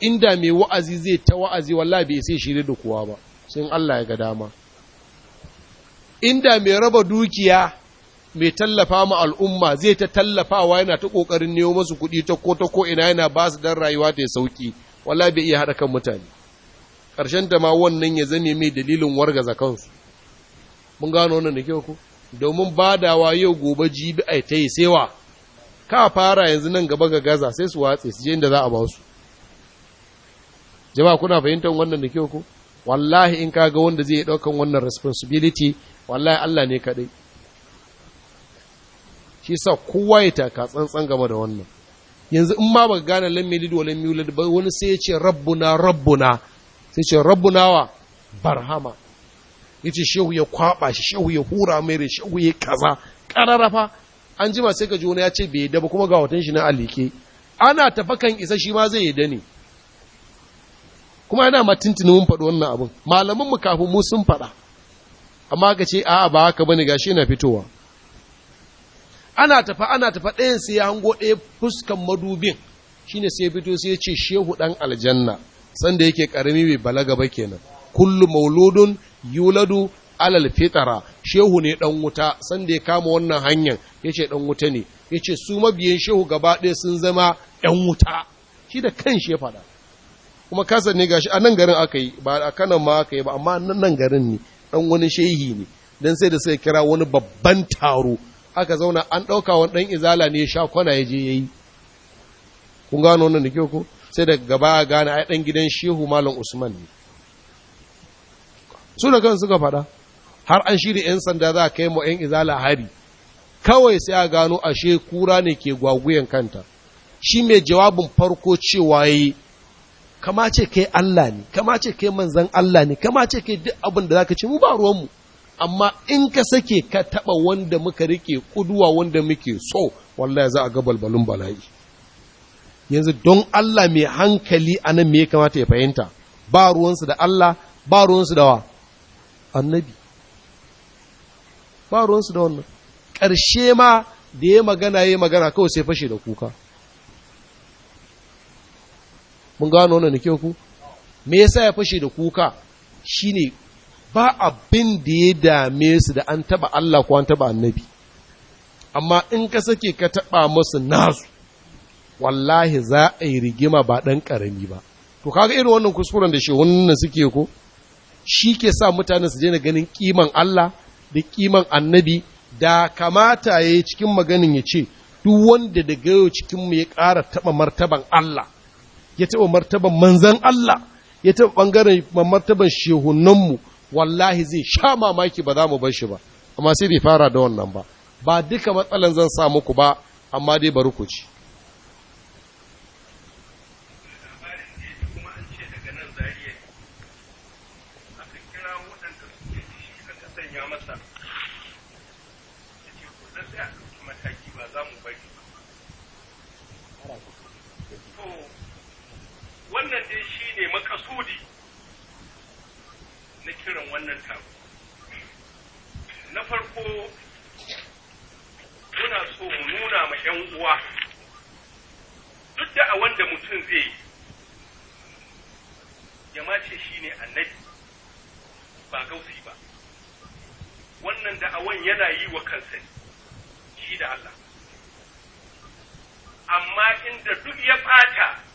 inda mai wa'azi zai ta wa'azi wallahi bai sai shirya da kowa ba In Allah ya ga dama inda mai raba dukiya mai tallafa ma al'umma zai ta tallafawa yana ta ƙoƙarin nemo masu kuɗi ta ko ta ko ina yana ba su don rayuwa ta sauƙi wala bai iya haɗa kan mutane ƙarshen ta ma wannan ya zane mai dalilin wargaza kansu mun gano wannan da kyau ko domin badawa yau gobe jibi ai ta yi sewa ka fara yanzu nan gaba ga gaza sai su watse su je inda za a ba su jama'a kuna fahimtar wannan da kyau ko wallahi in kaga wanda zai ɗaukan wannan responsibility wallahi Allah ne kaɗai shi sa kowa ya taka tsantsan game da wannan yanzu in ma baka gane lam wa lam wani sai ya ce rabbuna rabbuna sai ce rabbuna wa barhama yace shehu ya kwaba shi shehu ya hura mai shehu ya kaza kararafa an jima sai ka ji wani ya ce bai da ba kuma ga watan shi na alike ana tafakan isa shi ma zai yi da ne kuma yana ma mun faɗi wannan abin malaman mu kafin mu sun faɗa amma ka ce a'a ba haka bane gashi yana fitowa ana tafa ana tafa ɗayan sai ya hango ɗaya fuskan madubin shine sai fito sai ya ce shehu ɗan aljanna sanda yake ƙarami bai balaga ba kenan kullu mauludun yuladu alal fitara shehu ne ɗan wuta sanda ya kama wannan hanyar yace ce ɗan wuta ne yace su mabiyan shehu gaba ɗaya sun zama ɗan wuta shi da kan shi ya faɗa kuma kasa ne gashi a nan garin aka yi ba a kanan ma aka yi ba amma nan garin ne dan wani shehi ne dan sai da sai kira wani babban taro aka zauna an ɗauka wani ɗan izala ne sha kwana ya je ya yi kun gano wannan da ko sai da gaba a gane ai ɗan gidan shehu malam usman ne su da kansu suka faɗa har an shirya 'yan sanda za a kai ma 'yan izala hari kawai sai a gano ashe kura ne ke gwaguyen kanta shi mai jawabin farko cewa yi kama ce kai Allah ne kama ce kai manzan Allah ne kama ce kai duk abin da zaka ce mu ba ruwanmu amma in ka sake ka taba wanda muka rike kuduwa wanda muke so wallahi za a ga balbalun bala'i yanzu don Allah mai hankali anan me ya kamata ya fahimta ba ruwansu da Allah ba ruwansu da wa annabi ba ruwansu da wannan ƙarshe ma da ya magana ya magana kawai sai fashe da kuka mun gano wannan da ku me yasa ya fashe da kuka shine ba abin da ya dame su da an taba Allah ko an taba annabi amma in ka sake ka taba musu nasu wallahi za a yi rigima ba dan karami ba to kaga irin wannan kuskuren da shi wannan suke ko shi ke sa mutane su daina ganin kiman Allah da kiman annabi da kamata ya yi cikin maganin ya ce duk wanda da yau cikinmu ya ƙara taɓa martaban Allah ya taɓa martaban manzan Allah ya taɓa ɓangaren martaban shehunanmu wallahi zai sha mamaki ba za mu bar shi ba amma sai bai fara da wannan ba ba duka matsalan zan sa muku ba amma dai bari ku ci kiran wannan taro na farko muna so mu nuna ma 'yan uwa duk da a wanda mutum zai yi ya mace shi ne annabi ba gausi ba wannan da da'awan yana yi wa kansa shi da Allah amma inda duk ya fata.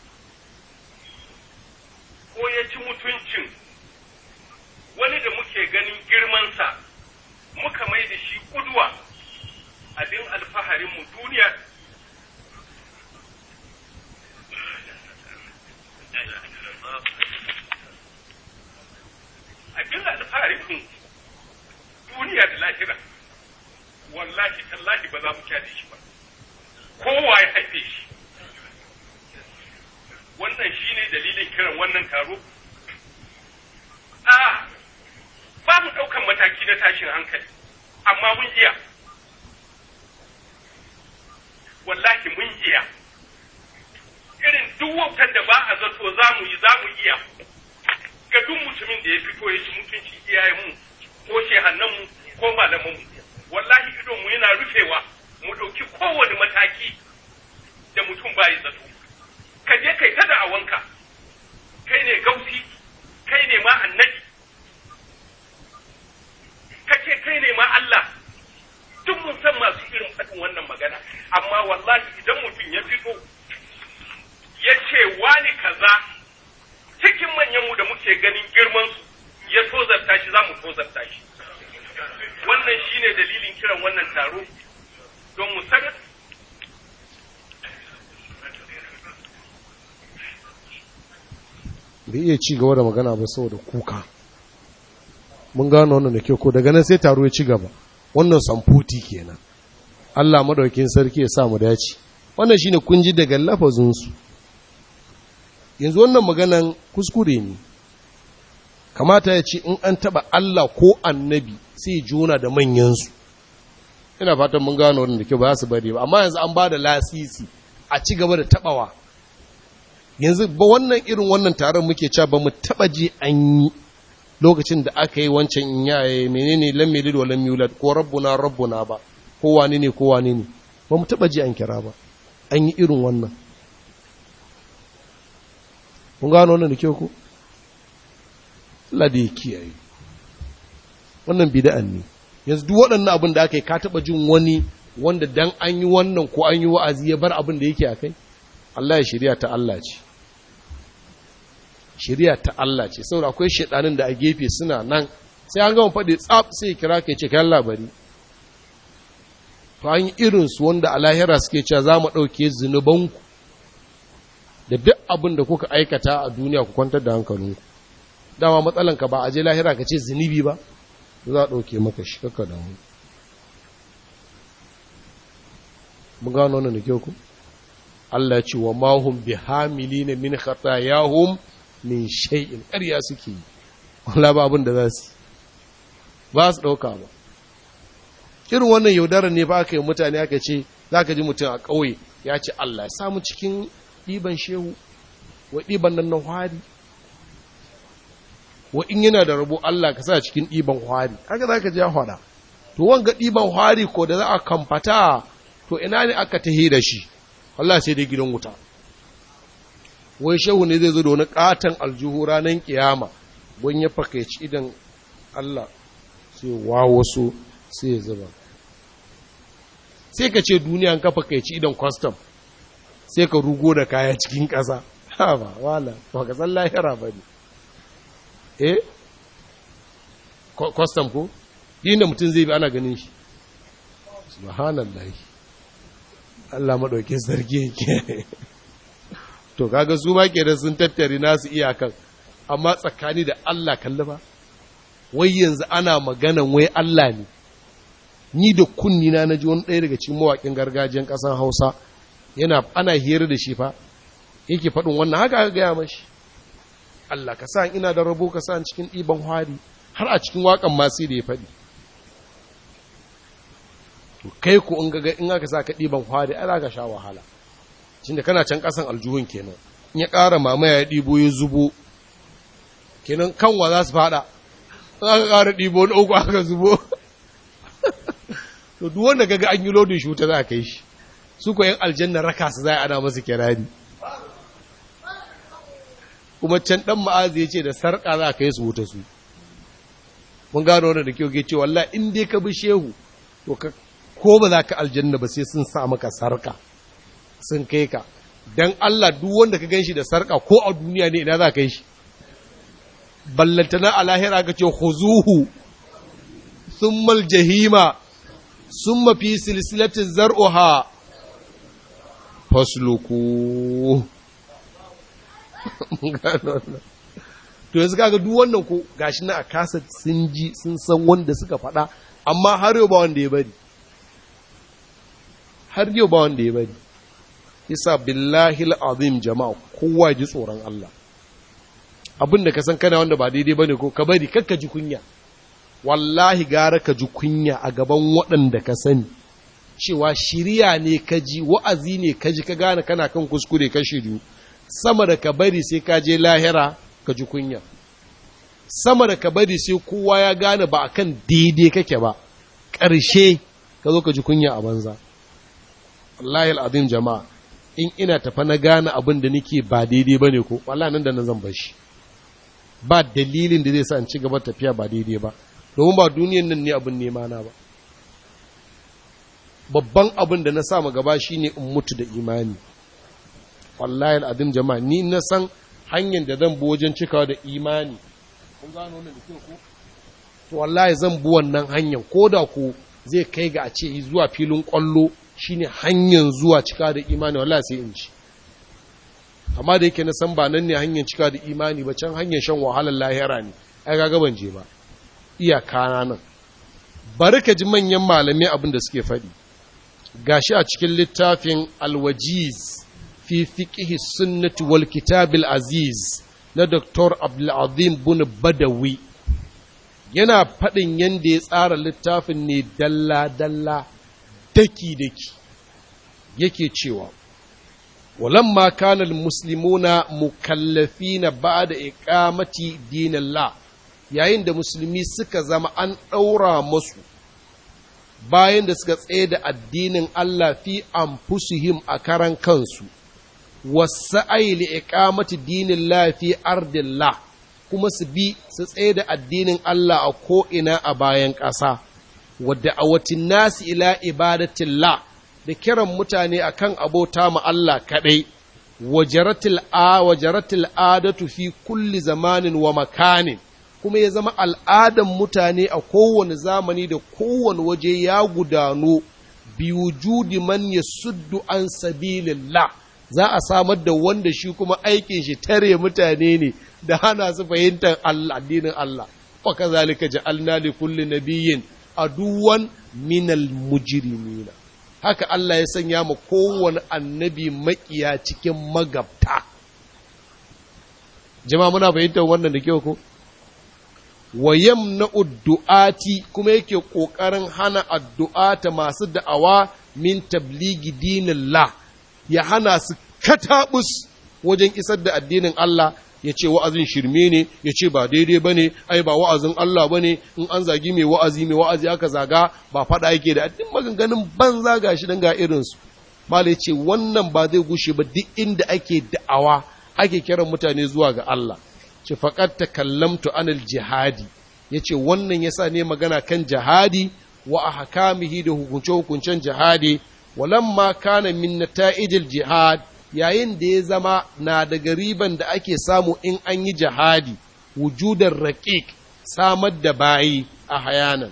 duniya da lahira wallahi tallahi ba za mu kyale shi ba kowa ya haife shi wannan shine dalilin kiran wannan taro a ba mu ɗaukan mataki na tashin hankali amma mun iya wallahi mun iya irin duk wautar da ba a zato za mu yi za mu iya ga duk mutumin da ya fito ya ci mutunci iyayenmu ko shehannanmu ko malaman mu wallahi mu yana rufewa mu ɗauki kowane mataki da mutum bayi zato ka je kai ta da'awanka kai ne gausi kai ne ma annabi ka ce kai ne ma Allah duk mun san masu irin faɗin wannan magana amma wallahi idan mutum ya fito ya ce wani kaza cikin manyan mu da muke ganin girmansu ya tozarta shi za mu tozarta shi wannan shine dalilin kiran wannan taro don mu sanar bai iya ci gaba da magana ba saboda kuka mun gano wannan da ke ko daga nan sai taro ya ci gaba wannan samfoti kenan Allah madaukin sarki ya sa mu dace wannan shine kun ji daga lafazinsu yanzu wannan maganan kuskure ne kamata ya ce in an taba Allah ko annabi sai juna da manyansu ina fatan mun gano wadanda ke ba su bari ba amma yanzu an ba da lasisi a ci gaba da tabawa yanzu ba wannan irin wannan taron muke cewa ba mu taɓa ji an yi lokacin da aka yi wancan in yaye menene lam yalid wa lam yulad ko rabbuna rabbuna ba ko wani ne ko wani ne ba mu taɓa ji an kira ba an yi irin wannan mun gano wannan da ke ku. Allah da ya kiyaye wannan bid'an ne yanzu duk waɗannan abin da aka yi ka taɓa jin wani wanda dan an yi wannan ko an yi wa'azi ya bar abin da yake a kai Allah ya shirya ta Allah ce shirya ta Allah ce saboda akwai shedanin da a gefe suna nan sai an gama faɗi tsaf sai kira ka ce kayan labari to an yi irinsu wanda a lahira suke cewa za mu ɗauke zunubanku da duk abin da kuka aikata a duniya ku kwantar da hankalinku dama matsalanka ba a je lahira ka ce zunubi ba za a ɗauke maka shi kakka da mu mun gano wannan da kyau ku Allah ya ce wa mahum bihamilina min khatayahum min shay'in ƙarya suke yi wala ba abin da za su ba su ɗauka ba irin wannan yaudarar ne ba aka yi mutane aka ce za ka ji mutum a ƙauye ya ce Allah ya samu cikin ɗiban shehu wa ɗiban nan na hwari wa in yana da rabo Allah ka sa cikin ɗiban hwari haka za ka ji hwada to wanga ɗiban hwari ko da za a kamfata to ina ne aka ta da shi Allah sai dai gidan wuta wai shehu ne zai zo da wani katon aljuhu ranar kiyama wani ya fakaici idan Allah sai wa wasu sai ya zuba sai ka ce duniya ka fakaici idan kwastam sai ka rugo da kaya cikin ƙasa ha ba wala ba ka san lahira ba ne eh kwastam ko inda mutum zai bi ana ganin shi subhanallahi Allah maɗauki sarki yake <laughs> to kaga su ma kenan sun tattare nasu iyakan amma tsakani da Allah kalli ba wai yanzu ana maganan wai Allah ne ni da kunnina na ji wani ɗaya daga cikin mawaƙin gargajiyar ƙasar Hausa yana ana hira da shi fa yake faɗin wannan haka aka gaya mashi Allah ka sa ina da rabo ka sa cikin ɗiban hwari har a cikin waƙan masu da ya faɗi to kai ku in ga in aka sa ka ɗiban hwari ai ka sha wahala shin da kana can ƙasan aljuhun kenan in ya ƙara mamaya ya ɗibo ya zubo kenan kanwa za su faɗa in aka ƙara ɗibo na uku aka zubo <laughs> to duk wanda ga an yi lodin shi wuta za a kai shi su ko aljanna raka su za a ana masu kirari kuma can dan ma'azi ya ce da sarƙa za a kai su wuta su mun gano da da kyau ce wallahi in dai ka bi shehu to ka ko ba za ka aljanna ba sai sun sa maka sarƙa sun kai ka dan Allah duk wanda ka gan shi da sarƙa ko a duniya ne ina za ka kai shi ballantana a lahira ka ce khuzuhu summal jahima summa fi silsilatin zar'uha fasluku to yanzu kaga duk wannan ko gashi na a kasa sun ji sun san wanda suka faɗa amma har yau ba wanda ya bari har yau ba wanda ya bari isa billahi azim jama'a kowa ji tsoron Allah abinda ka san kana wanda ba daidai bane ko ka bari kakka ji kunya wallahi gara ka ji kunya a gaban waɗanda ka sani cewa shirya ne kaji wa'azi ne kaji ka gane kana kan kuskure ka shiryu sama da ka bari sai ka je lahira ka ji kunya sama da ka bari sai kowa ya gane ba a kan daidai kake ba ƙarshe ka zo ka ji kunya a banza wallahi al'adun jama'a in ina tafa na gane abin da nake ba daidai ba ne ko wala nan da nan zan bar ba dalilin da zai sa in ci gaba tafiya ba daidai ba domin ba duniyan nan ne abin nema na ba babban abin da na sa ma gaba shi ne in mutu da imani wallahi al'adun jama'a ni na san hanyar da zan bi wajen cikawa da imani kun gano wannan da ku to wallahi zan bi wannan hanyar ko da ku zai kai ga a ce zuwa filin kwallo shine hanyar zuwa cika da imani wallahi sai in ci amma da yake na san ba nan ne hanyar cika da imani ba can hanyar shan wahalar lahira ne ai ga ban je ba kana nan bari ka ji manyan malamai abin da suke faɗi gashi a cikin littafin alwajiz fi fiƙihi sunnati wal kitabil aziz na Dr. Abdulazim bin Badawi yana faɗin yadda ya tsara littafin ne dalla-dalla daki-daki yake cewa Walan walamma kana muslimuna na ba'da dinin la yayin da musulmi suka zama an ɗaura masu bayan da suka tsaye da addinin Allah fi anfusihim a karan kansu a aili dinin dinillahi fi La kuma su bi su tsaye da addinin Allah a ko'ina a bayan ƙasa wadda a watin nasi ila La da kiran mutane a kan abota ma Allah kaɗai wajaratil adatu fi kulli zamanin wa makanin kuma ya zama al'adan mutane a kowane zamani da kowane waje ya gudano judi man ya suddu an sabilillah za a samar da wanda shi kuma aikin shi tare mutane ne da hana su fahimtar Allah addinin Allah wa kazalika ja'alna li kulli nabiyyin aduwan minal mujrimina haka Allah ya sanya ma kowane annabi makiya cikin magabta jama'a muna fahimtar wannan da kyau ko wa yamna du'ati kuma yake ƙoƙarin hana addu'ata masu da'awa min tabligi dinillah ya hana su katabus wajen isar da addinin Allah ya ce wa'azin shirme ne ya ce ba daidai ba ne ai ba wa'azin Allah ba ne in an zagi mai wa'azi mai wa'azi aka zaga ba faɗa yake da addin maganganun ban zaga shi don ga irinsu malai ce wannan ba zai gushe ba duk inda ake da'awa ake kiran mutane zuwa ga Allah ce faƙad kallamtu anil jihadi ya ce wannan ya sa ne magana kan jihadi wa ahkamihi da hukunce hukuncen jihadi walamma kana min nata'ijil jihad yayin da ya zama na daga riban da ake samu in an yi jihadi wujudar raƙiƙ samar da bayi a hayanan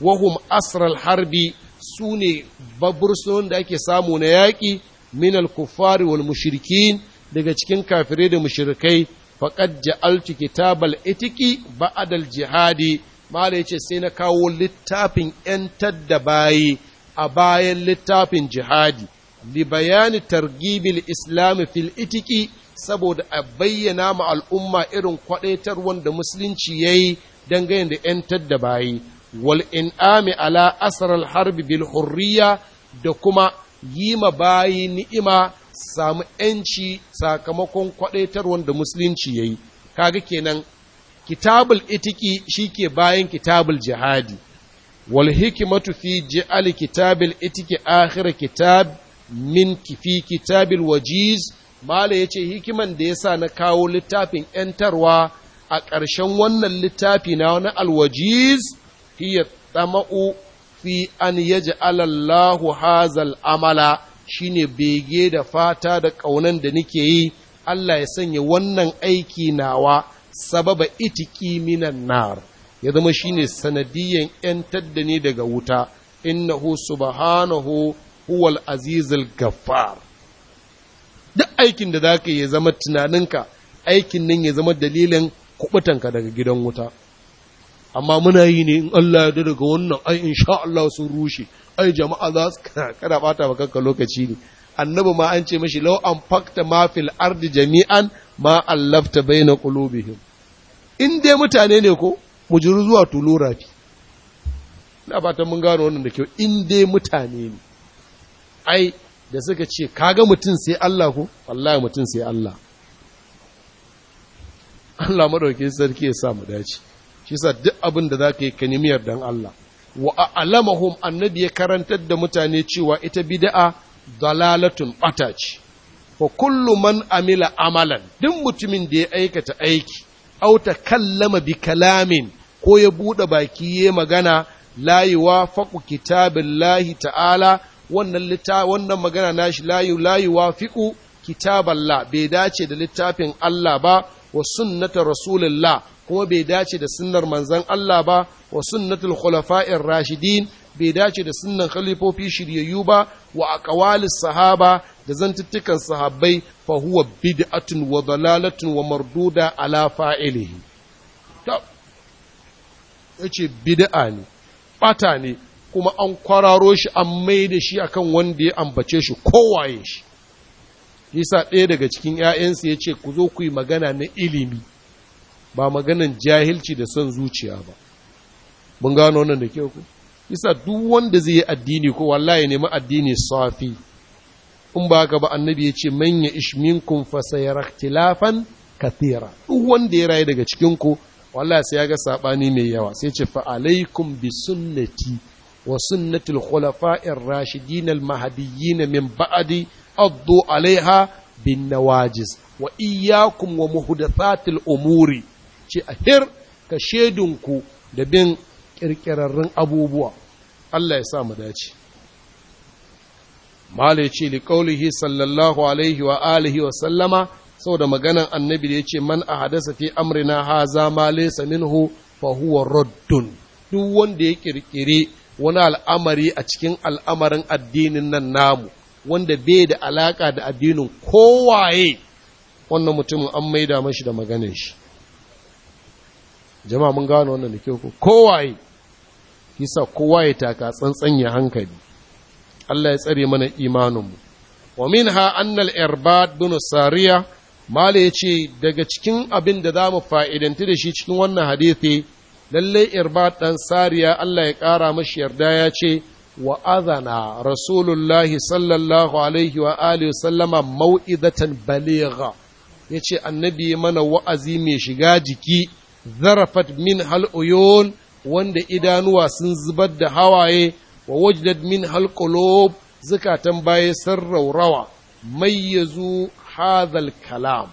wahum asral harbi su ne babbursun da ake samu na yaƙi minal kuffari wal mushrikin daga cikin kafirai da mushrikai faqad ja'altu kitabal itiki ba'adal jihadi mala yace sai na kawo littafin yantar da bayi a bayan littafin jihadi li bayani targibil islami fil itiki saboda a bayyana ma al'umma irin kwadaitar wanda musulunci yayi dangane da yantar da bayi wal in'ami ala asr al harbi bil hurriya da kuma yi ma bayi ni'ima samu ‘yanci sakamakon kwaɗaitarwar da musulunci ya yi, kaga kenan, kitabul itiki shi ke bayan kitabul jihadi, wal hikimatu fi ji'al kitabul itiki akhir kitab min fi kitabul wajiz, Mala ya ce hikiman da ya sa na kawo littafin ‘yantarwa a ƙarshen wannan littafi na wani alwajiz, hiya tsama'u fi an yaji alallahu hazal amala. shine bege da fata da ƙaunan da nike yi Allah ya sanya wannan aiki nawa sababa itiki minan nar ya zama shine sanadiyyan ‘yantar da daga wuta innahu subhanahu huwal azizul gaffar duk aikin da za ka ya zama tunaninka aikin nan ya zama dalilin kubutanka daga gidan wuta amma muna yi ne in Allah ya daga wannan ai sha Allah sun rushe ai jama'a za su kada bata maka kanka lokaci ne annabi ma an ce mashi law an fakta ma fil ardi jami'an ma allafta baina qulubihim in dai mutane ne ko mu jiru zuwa tulo rafi ina fatan mun gano wannan da kyau in dai mutane ne ai da suka ce kaga mutum sai Allah ko wallahi mutum sai Allah Allah madaukakin sarki ya sa mu dace shi sa duk abin da zaka yi ka nimiyar dan Allah wa a'lamahum annabi ya karantar da mutane cewa ita bid'a dalalatun bata ce fa kullu man amila amalan duk mutumin da ya aikata aiki aw ta kallama bi kalamin ko ya bude baki ya magana la yuwafaqu kitabillahi ta'ala wannan litta wannan magana nashi la yu la yuwafiqu kitaballah bai dace da littafin Allah ba wa sunnata rasulillah ko bai dace da sunnar manzon Allah ba wa sunnatul khulafa'ir rashidin bai dace da sunnan khalifofi shiryayyu ba wa aqwalis sahaba da zantuttukan sahabbai fa huwa bid'atun wa dalalatun wa marduda ala fa'ilihi to yace bid'a ne bata ne kuma an kwararo shi an mai da shi akan wanda ya ambace shi kowaye shi yasa ɗaya daga cikin 'ya'yansa ya ce ku zo ku yi magana na ilimi ba maganan jahilci da son zuciya ba mun gano wannan da kyau ku isa duk wanda zai yi addini ko wallahi ma addini safi in ba haka ba annabi ya ce manya ya ishminkum fa sayaraktilafan kathira duk wanda ya rayu daga cikin ku wallahi sai ya ga sabani mai yawa sai ce fa alaikum bi sunnati wa sunnati al-khulafa'ir rashidin al-mahdiyyin min ba'di addu alaiha bin nawajiz wa iyyakum wa muhdathatil umuri ce a hir ka shedunku da bin ƙirƙirarrun abubuwa Allah ya sa mu dace mala ya ce liƙaulihi sallallahu alaihi wa alihi wa sallama sau da maganan annabi da ya ce man a hadasa fi amrina haza ma laysa minhu fa huwa raddun duk wanda ya ƙirƙiri wani al'amari a cikin al'amarin addinin nan namu wanda bai da alaka da addinin kowaye wannan mutumin an maida mashi da maganin shi jama'a mun gano wannan da kyau kowaye kisa kowaye taka tsantsan ya hankali Allah ya tsare mana imaninmu wa minha annal irbad bin sariya mala yace daga cikin abin da zamu fa'idanti da shi cikin wannan hadisi lalle irbad dan sariya Allah ya kara mashi yarda ya ce wa azana rasulullahi sallallahu alaihi wa alihi sallama mau'izatan baligha yace annabi mana wa'azi mai shiga jiki zarafat min hal'uyon wanda idanuwa sun zubar da hawaye wa wajdat min halƙulob zukatan baya sun raurawa mayyazu hadhal kalam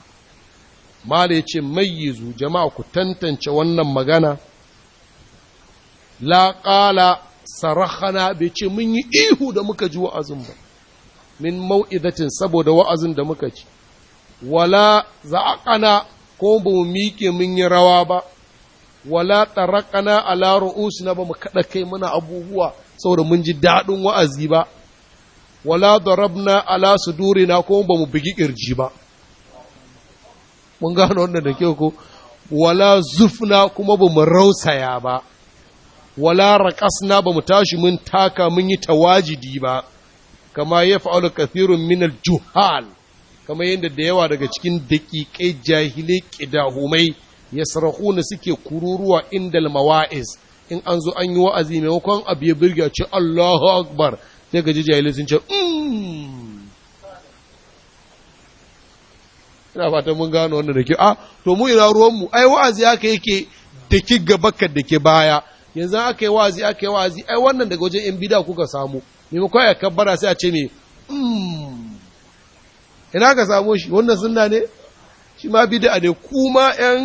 mala yace mayyizu jama'a ku tantance wannan magana la qala sarahana bai ce mun yi ihu da muka ji wa'azin ba min mau'izatin saboda wa'azin da muka ci wala za'aqana ko ba mu miƙe mun yi rawa ba wala tarakana ala na ba mu kaɗa kai mana abubuwa saboda mun ji daɗin wa'azi ba wala darabna ala na ko ba mu bugi ƙirji ba mun gano wannan da kyau ko wala zufna kuma ba mu rausaya ba wala raƙasna ba mu tashi mun taka mun yi tawajidi ba kama ya fa'alu kathirun minal juhal kamar yadda da yawa daga cikin daƙiƙai jahilai ƙidahumai ya sarahu na suke kururuwa indal mawa'iz in an zo an yi wa'azi maimakon abu ya birga ce Allahu Akbar sai gaji jahilai sun ce mm. ina fata mun gano wannan da ke a ah, to mu ina ruwanmu ai wa'azi haka yake da ki gaba ka da ke baya yanzu aka yi wa'azi aka yi wa'azi ai wannan daga wajen yan bida kuka samu maimakon ya kabbara sai a ce ne mm. ina ka samo shi wannan sunna ne shi ma bid'a ne kuma yan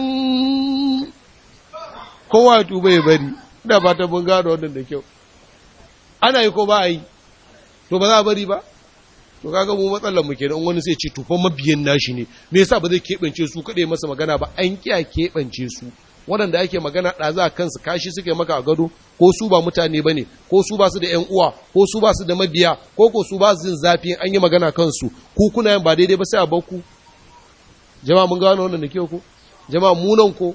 kowa tuba ya bari ina fata mun gano wannan da kyau ana yi ko ba a yi to ba za a bari ba to kaga mu matsalar mu kenan wani sai ce tufan mabiyan nashi ne me yasa ba zai keɓance su kaɗai masa magana ba an kiya keɓance su waɗanda ake magana ɗaza a kansu kashi suke maka a gado ko su ba mutane ba ne ko su ba su da ‘yan uwa ko su ba su da mabiya ko ko su ba su jin zafi an yi magana kansu ku kuna yin ba daidai ba sai a bakku jama'a mun gano wannan nake ku jama'a munan ko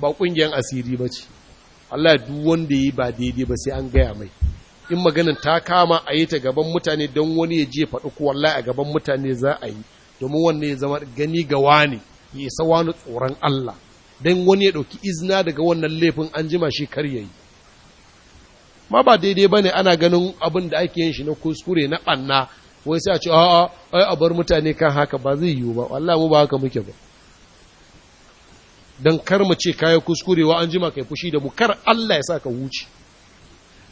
ba ƙungiyar asiri ba ce Allah duk wanda yi ba daidai ba sai an gaya mai in maganin ta kama a yi ta gaban mutane don wani ya je faɗi ko wallahi a gaban mutane za a yi domin wannan ya zama gani ga wani ya isa wani tsoron Allah don wani ya ɗauki izina daga wannan laifin an jima shi kar yayi ma ba daidai ba ne ana ganin abin da ake yin shi na kuskure na ɓanna wai sai a ce a'a ai a bar mutane kan haka ba zai yiwu ba wallahi mu ba haka muke ba dan kar mu ce kayan kuskurewa an jima kai fushi da mu kar Allah ya sa ka huce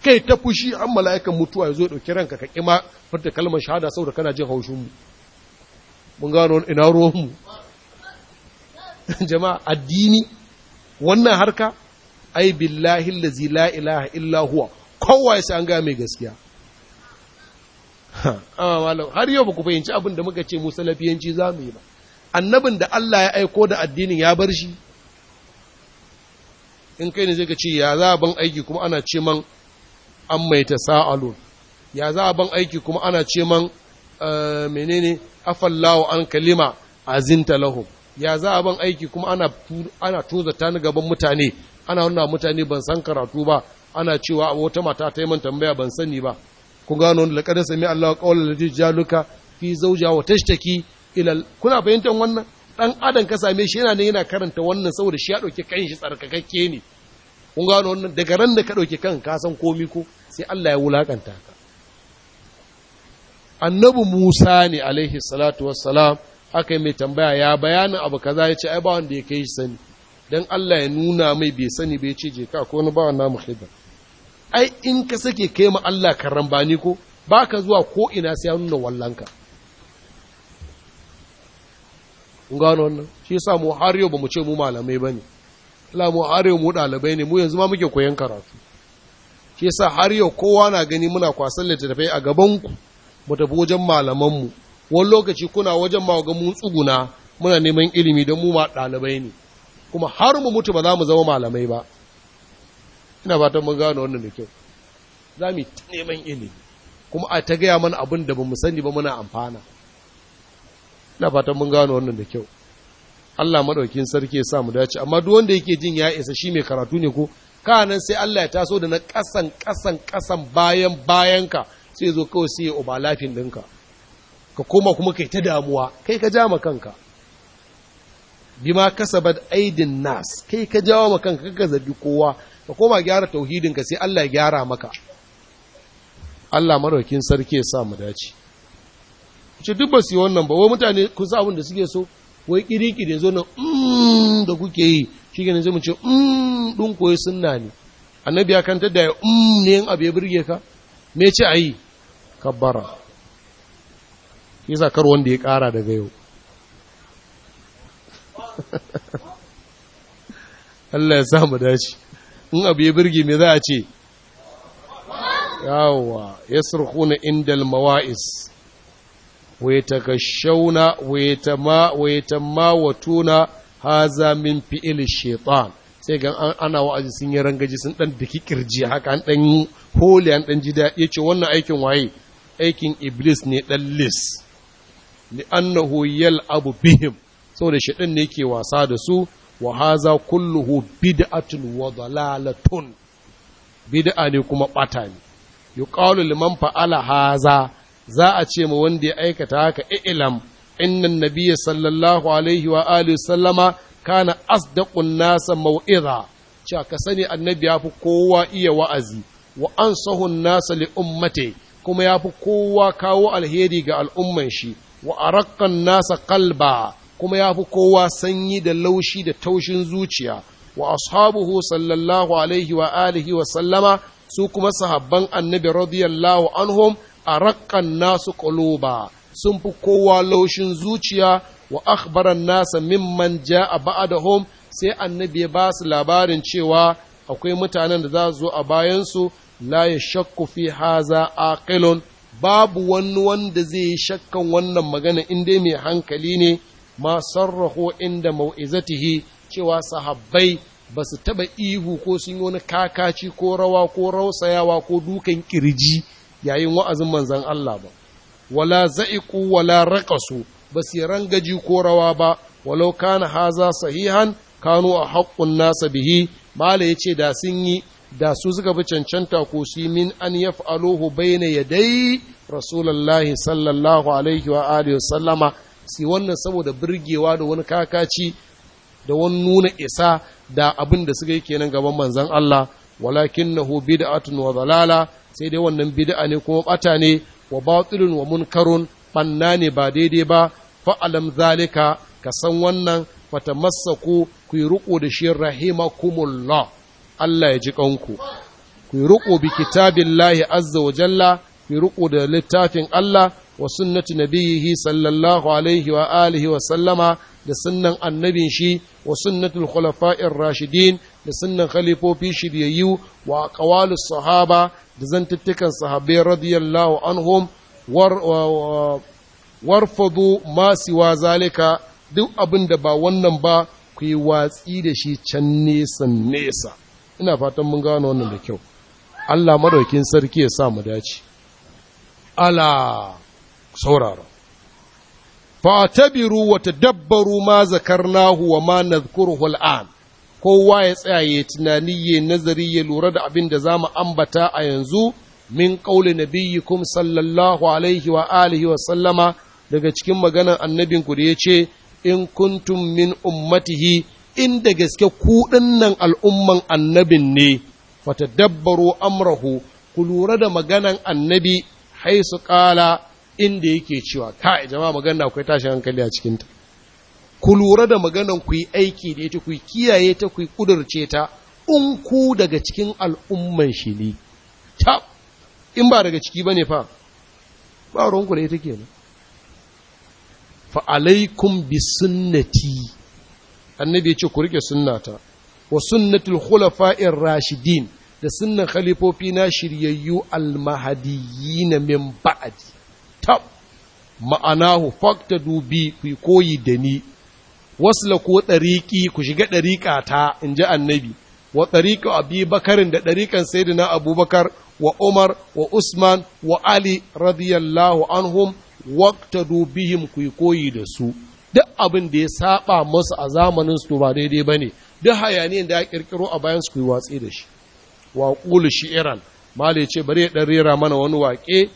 kai ta fushi an mala'ikan mutuwa ya zo ɗauki ranka ka ƙima furta kalmar shahada saboda kana jin haushin mu mun gano ina ruwan mu <laughs> jama'a addini wannan harka ai billahi allazi la ilaha illa huwa kowa ya an ga mai gaskiya amma malam har yau ba ku fahimci abin da muka ce mu salafiyanci za mu yi ba annabin da Allah ya aiko da addinin ya bar shi in kai ne zai ka ce ya za a ban aiki kuma ana ce man an mai ta sa'alun ya za a ban aiki kuma ana ce man eh, menene afallawa an kalima azinta lahum ya za a ban aiki kuma ana ana toza ta ni gaban mutane ana wannan mutane ban san karatu ba ana cewa wata mata ta yi man tambaya ban sani ba kun gano laqad sami Allahu qawlan lati Luka fi zawja wa tashtaki ila kuna fahimtar wannan dan adam ka same shi yana nan yana karanta wannan saboda shi ya dauke kan shi tsarkakakke ne kun gano wannan daga ran da ka dauke kan ka san komi ko sai Allah ya wulakanta ka annabi Musa ne alaihi salatu wassalam aka yi mai tambaya ya bayanin abu kaza ya ce ai ba wanda ya kai sani don Allah ya nuna mai bai sani bai ce je ka ko wani bawan namu khidar ai in ka sake kai ma Allah karambani ko baka zuwa ko ina sai ya nuna wallanka kun gano wannan shi yasa mu har yau bamu ce mu malamai bane Allah mu har yau mu dalibai ne mu yanzu ma muke koyon karatu shi yasa har yau kowa na gani muna kwasan littattafai a gaban ku mu tafi wajen malaman mu wani lokaci kuna wajen ma ga mun tsuguna muna neman ilimi don mu ma ɗalibai ne kuma har mu mutu ba za mu zama malamai ba ina fatan mun gano wannan da kyau za mu neman ilimi kuma a ta gaya mana abin da ba mu sani ba muna amfana ina fatan mun gano wannan da kyau Allah madaukin sarki ya sa mu dace amma duk wanda yake jin ya isa shi mai karatu ne ko kana sai Allah ya taso da na kasan kasan kasan bayan bayanka sai zo kawai sai ya uba lafin dinka ka koma kuma kai ta damuwa kai ka ja kanka bima kasabat aidin nas kai ka jawo kanka ka zabi kowa ka koma gyara tauhidin ka sai Allah ya gyara maka Allah maraukin sarki ya sa mu dace ce duk basu yi wannan ba wai mutane kun sa abin da suke so wai kiriki da zo nan mm, da kuke yi shi ne zai mu ce mm din koyi sunna ne annabi ya kanta da mm ne in abu ya burge ka me ce ayi kabbara Yasa kar wanda ya kara daga yau <laughs> Allah ya samu dace in abu ya birge me za a ce yawwa yasrukuna indal mawa'is ويتغشون ويتما ويتماوتون haza min fi'il shaitan sai ga ana wa'azi sun yi rangaji sun dan biki kirji haka an dan holi, an dan ji daɗi ce wannan aikin waye aikin iblis ne dan lis li annahu abu bihim saboda shaɗin ne ke wasa da su wa haza kulluhu bid'atun wa dalalatun bid'a ne kuma ɓata ne yuqalu liman fa'ala haza za a ce ma wanda ya aikata haka ilam inna nabiyya sallallahu alaihi wa alihi sallama kana asdaqun nasa mau'iza cewa ka sani annabi ya fi kowa iya wa'azi wa ansahun nasa li ummati kuma ya fi kowa kawo alheri ga al'umman shi wa araqqan nasa Kalba kuma ya fi kowa sanyi da laushi da taushin zuciya wa ashabuhu sallallahu alaihi wa alihi wa sallama su kuma sahabban annabi radiyallahu anhum rakan nasu kaloba sun fi kowa laushin zuciya wa akhbaran nasa mimman da Hum. sai annabi ya ba su labarin cewa akwai mutanen da za su zo a bayansu la ya shakku fi haza aqilun babu wani wanda zai yi shakkan wannan magana in dai mai hankali ne ma sarraho inda mau'izatihi cewa sahabbai ba su taɓa ihu ko sun yi wani kakaci ko rawa ko rausayawa ko dukan kirji yayin wa'azin manzan Allah ba wala za'iku wala raƙasu ba su rangaji ko rawa ba walau kana haza sahihan kano a haƙƙun nasa bihi mala ya ce da sun yi da su suka fi cancanta ko su min an yaf'aluhu ya yadai rasulullahi sallallahu alaihi wa alihi sallama si wannan saboda birgewa da wani kakaci da wani nuna isa da abin da suka yi kenan gaban manzan Allah Walakin da bid'atun wa zalala sai dai wannan bid'a ne kuma bata ne wa batilun wa munkarun banna ne ba daidai ba fa'alam zalika ka san wannan fatamassaku ku yi riko da shi rahimakumullah Allah ya ji ƙanku ku yi riƙo bi kitabillahi azza wa jalla ku yi riƙo da littafin Allah wa sunnati nabiyihi sallallahu alaihi wa alihi wa sallama da sunnan annabin shi wa sunnatul khulafa'ir rashidin da sunnan khalifofi shiryayyu wa ƙawalu sahaba da zantattukan sahabbai radiyallahu anhum war warfadu ma siwa zalika duk abin da ba wannan ba ku yi watsi da shi can nesa nesa ina fatan mun gano wannan da kyau Allah madaukin sarki ya sa mu dace ala saurara fatabiru wa tadabbaru ma zakarnahu wa ma nadhkuruhu al'an kowa ya tsaya tunani ya nazari ya lura da abin da zamu ambata a yanzu min qauli nabiyyikum sallallahu alaihi wa alihi wa sallama daga cikin maganar annabinku da yace in kuntum min ummatihi inda gaske kuɗin nan al'umman annabin ne fata dabbaro amrahu ku lura da maganan annabi haisu ƙala inda yake cewa kai jama'a magana akwai tashin hankali a cikinta ku lura da maganan ku yi aiki da ita ku kiyaye ta ku kudurce ta in ku daga cikin al'umman shi ne ta in ba daga ciki bane fa ba ruwanku da ita ke fa alaikum bi sunnati annabi ya ce ku rike sunnata wa sunnatul khulafa'ir rashidin da sunnan khalifofi na shiryayyu almahadiyyin min ba'di tab ma'anahu fakta dubi ku koyi da ni wasla ko ɗariƙi ku shiga dariqa ta inji annabi wa dariqa abi bakarin da dariqan sayyidina abubakar wa umar wa usman wa ali radiyallahu anhum waqtadu bihim ku koyi da su duk abin da ya saba masa a zamanin su ba daidai ba ne duk hayaniyan da ya kirkiro a bayan su yi watsi da shi wa ƙulu iran malai ce bari ya ɗan rera mana wani waƙe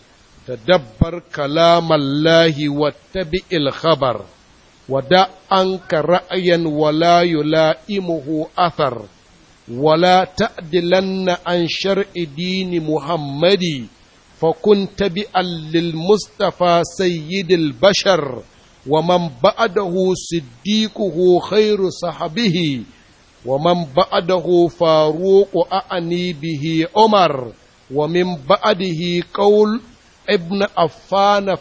da dabbar kalamallahi wa tabi'il khabar wa an ka ra'ayan wala yula'imuhu athar wala ta'dilanna an shar'i dini muhammadi fa kun bi lil mustafa sayyidil bashar wa man ba'adahu siddiquhu khairu sahabihi wa man ba'adahu faruqu a'ani bihi umar wa min ba'adihi qaul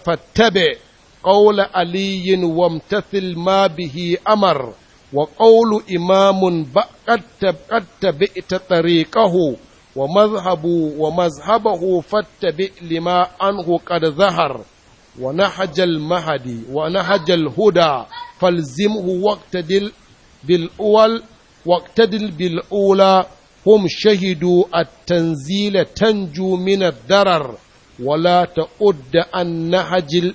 fattabi قول علي وامتثل ما به أمر وقول إمام قد تبئت طريقه ومذهب ومذهبه فاتبع لما عنه قد ظهر wa nahajal mahadi wa nahajal huda falzimhu waqtadil bil uwal waqtadil bil ula hum shahidu at-tanzila tanju darar wala ta'udda an nahajil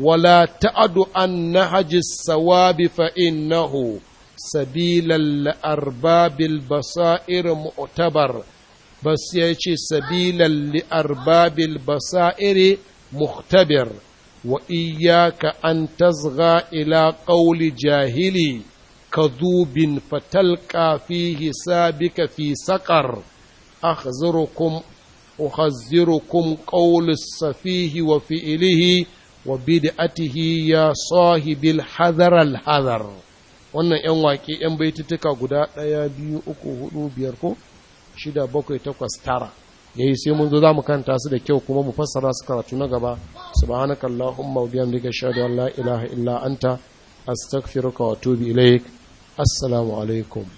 ولا تعد عن نهج الثواب فإنه سبيل لأرباب البصائر مؤتبر بس يشي سبيلا لأرباب البصائر مختبر وإياك أن an إلى قول qawli كذوب فتلقى فيه سابك في سقر saqar akhzurukum أخذركم قول السفيه وفئله وبدعته يا صاحب الحذر الحذر wannan ‘yan waƙe ‘yan baitutuka guda ɗaya biyu uku hudu biyar ko shida bakwai takwas tara yayi sai mun zo za mu kanta su da kyau kuma mu fassara su karatu na gaba subhanaka allahumma wa bihamdika ashhadu an la ilaha illa anta astaghfiruka wa atubu ilaik assalamu alaikum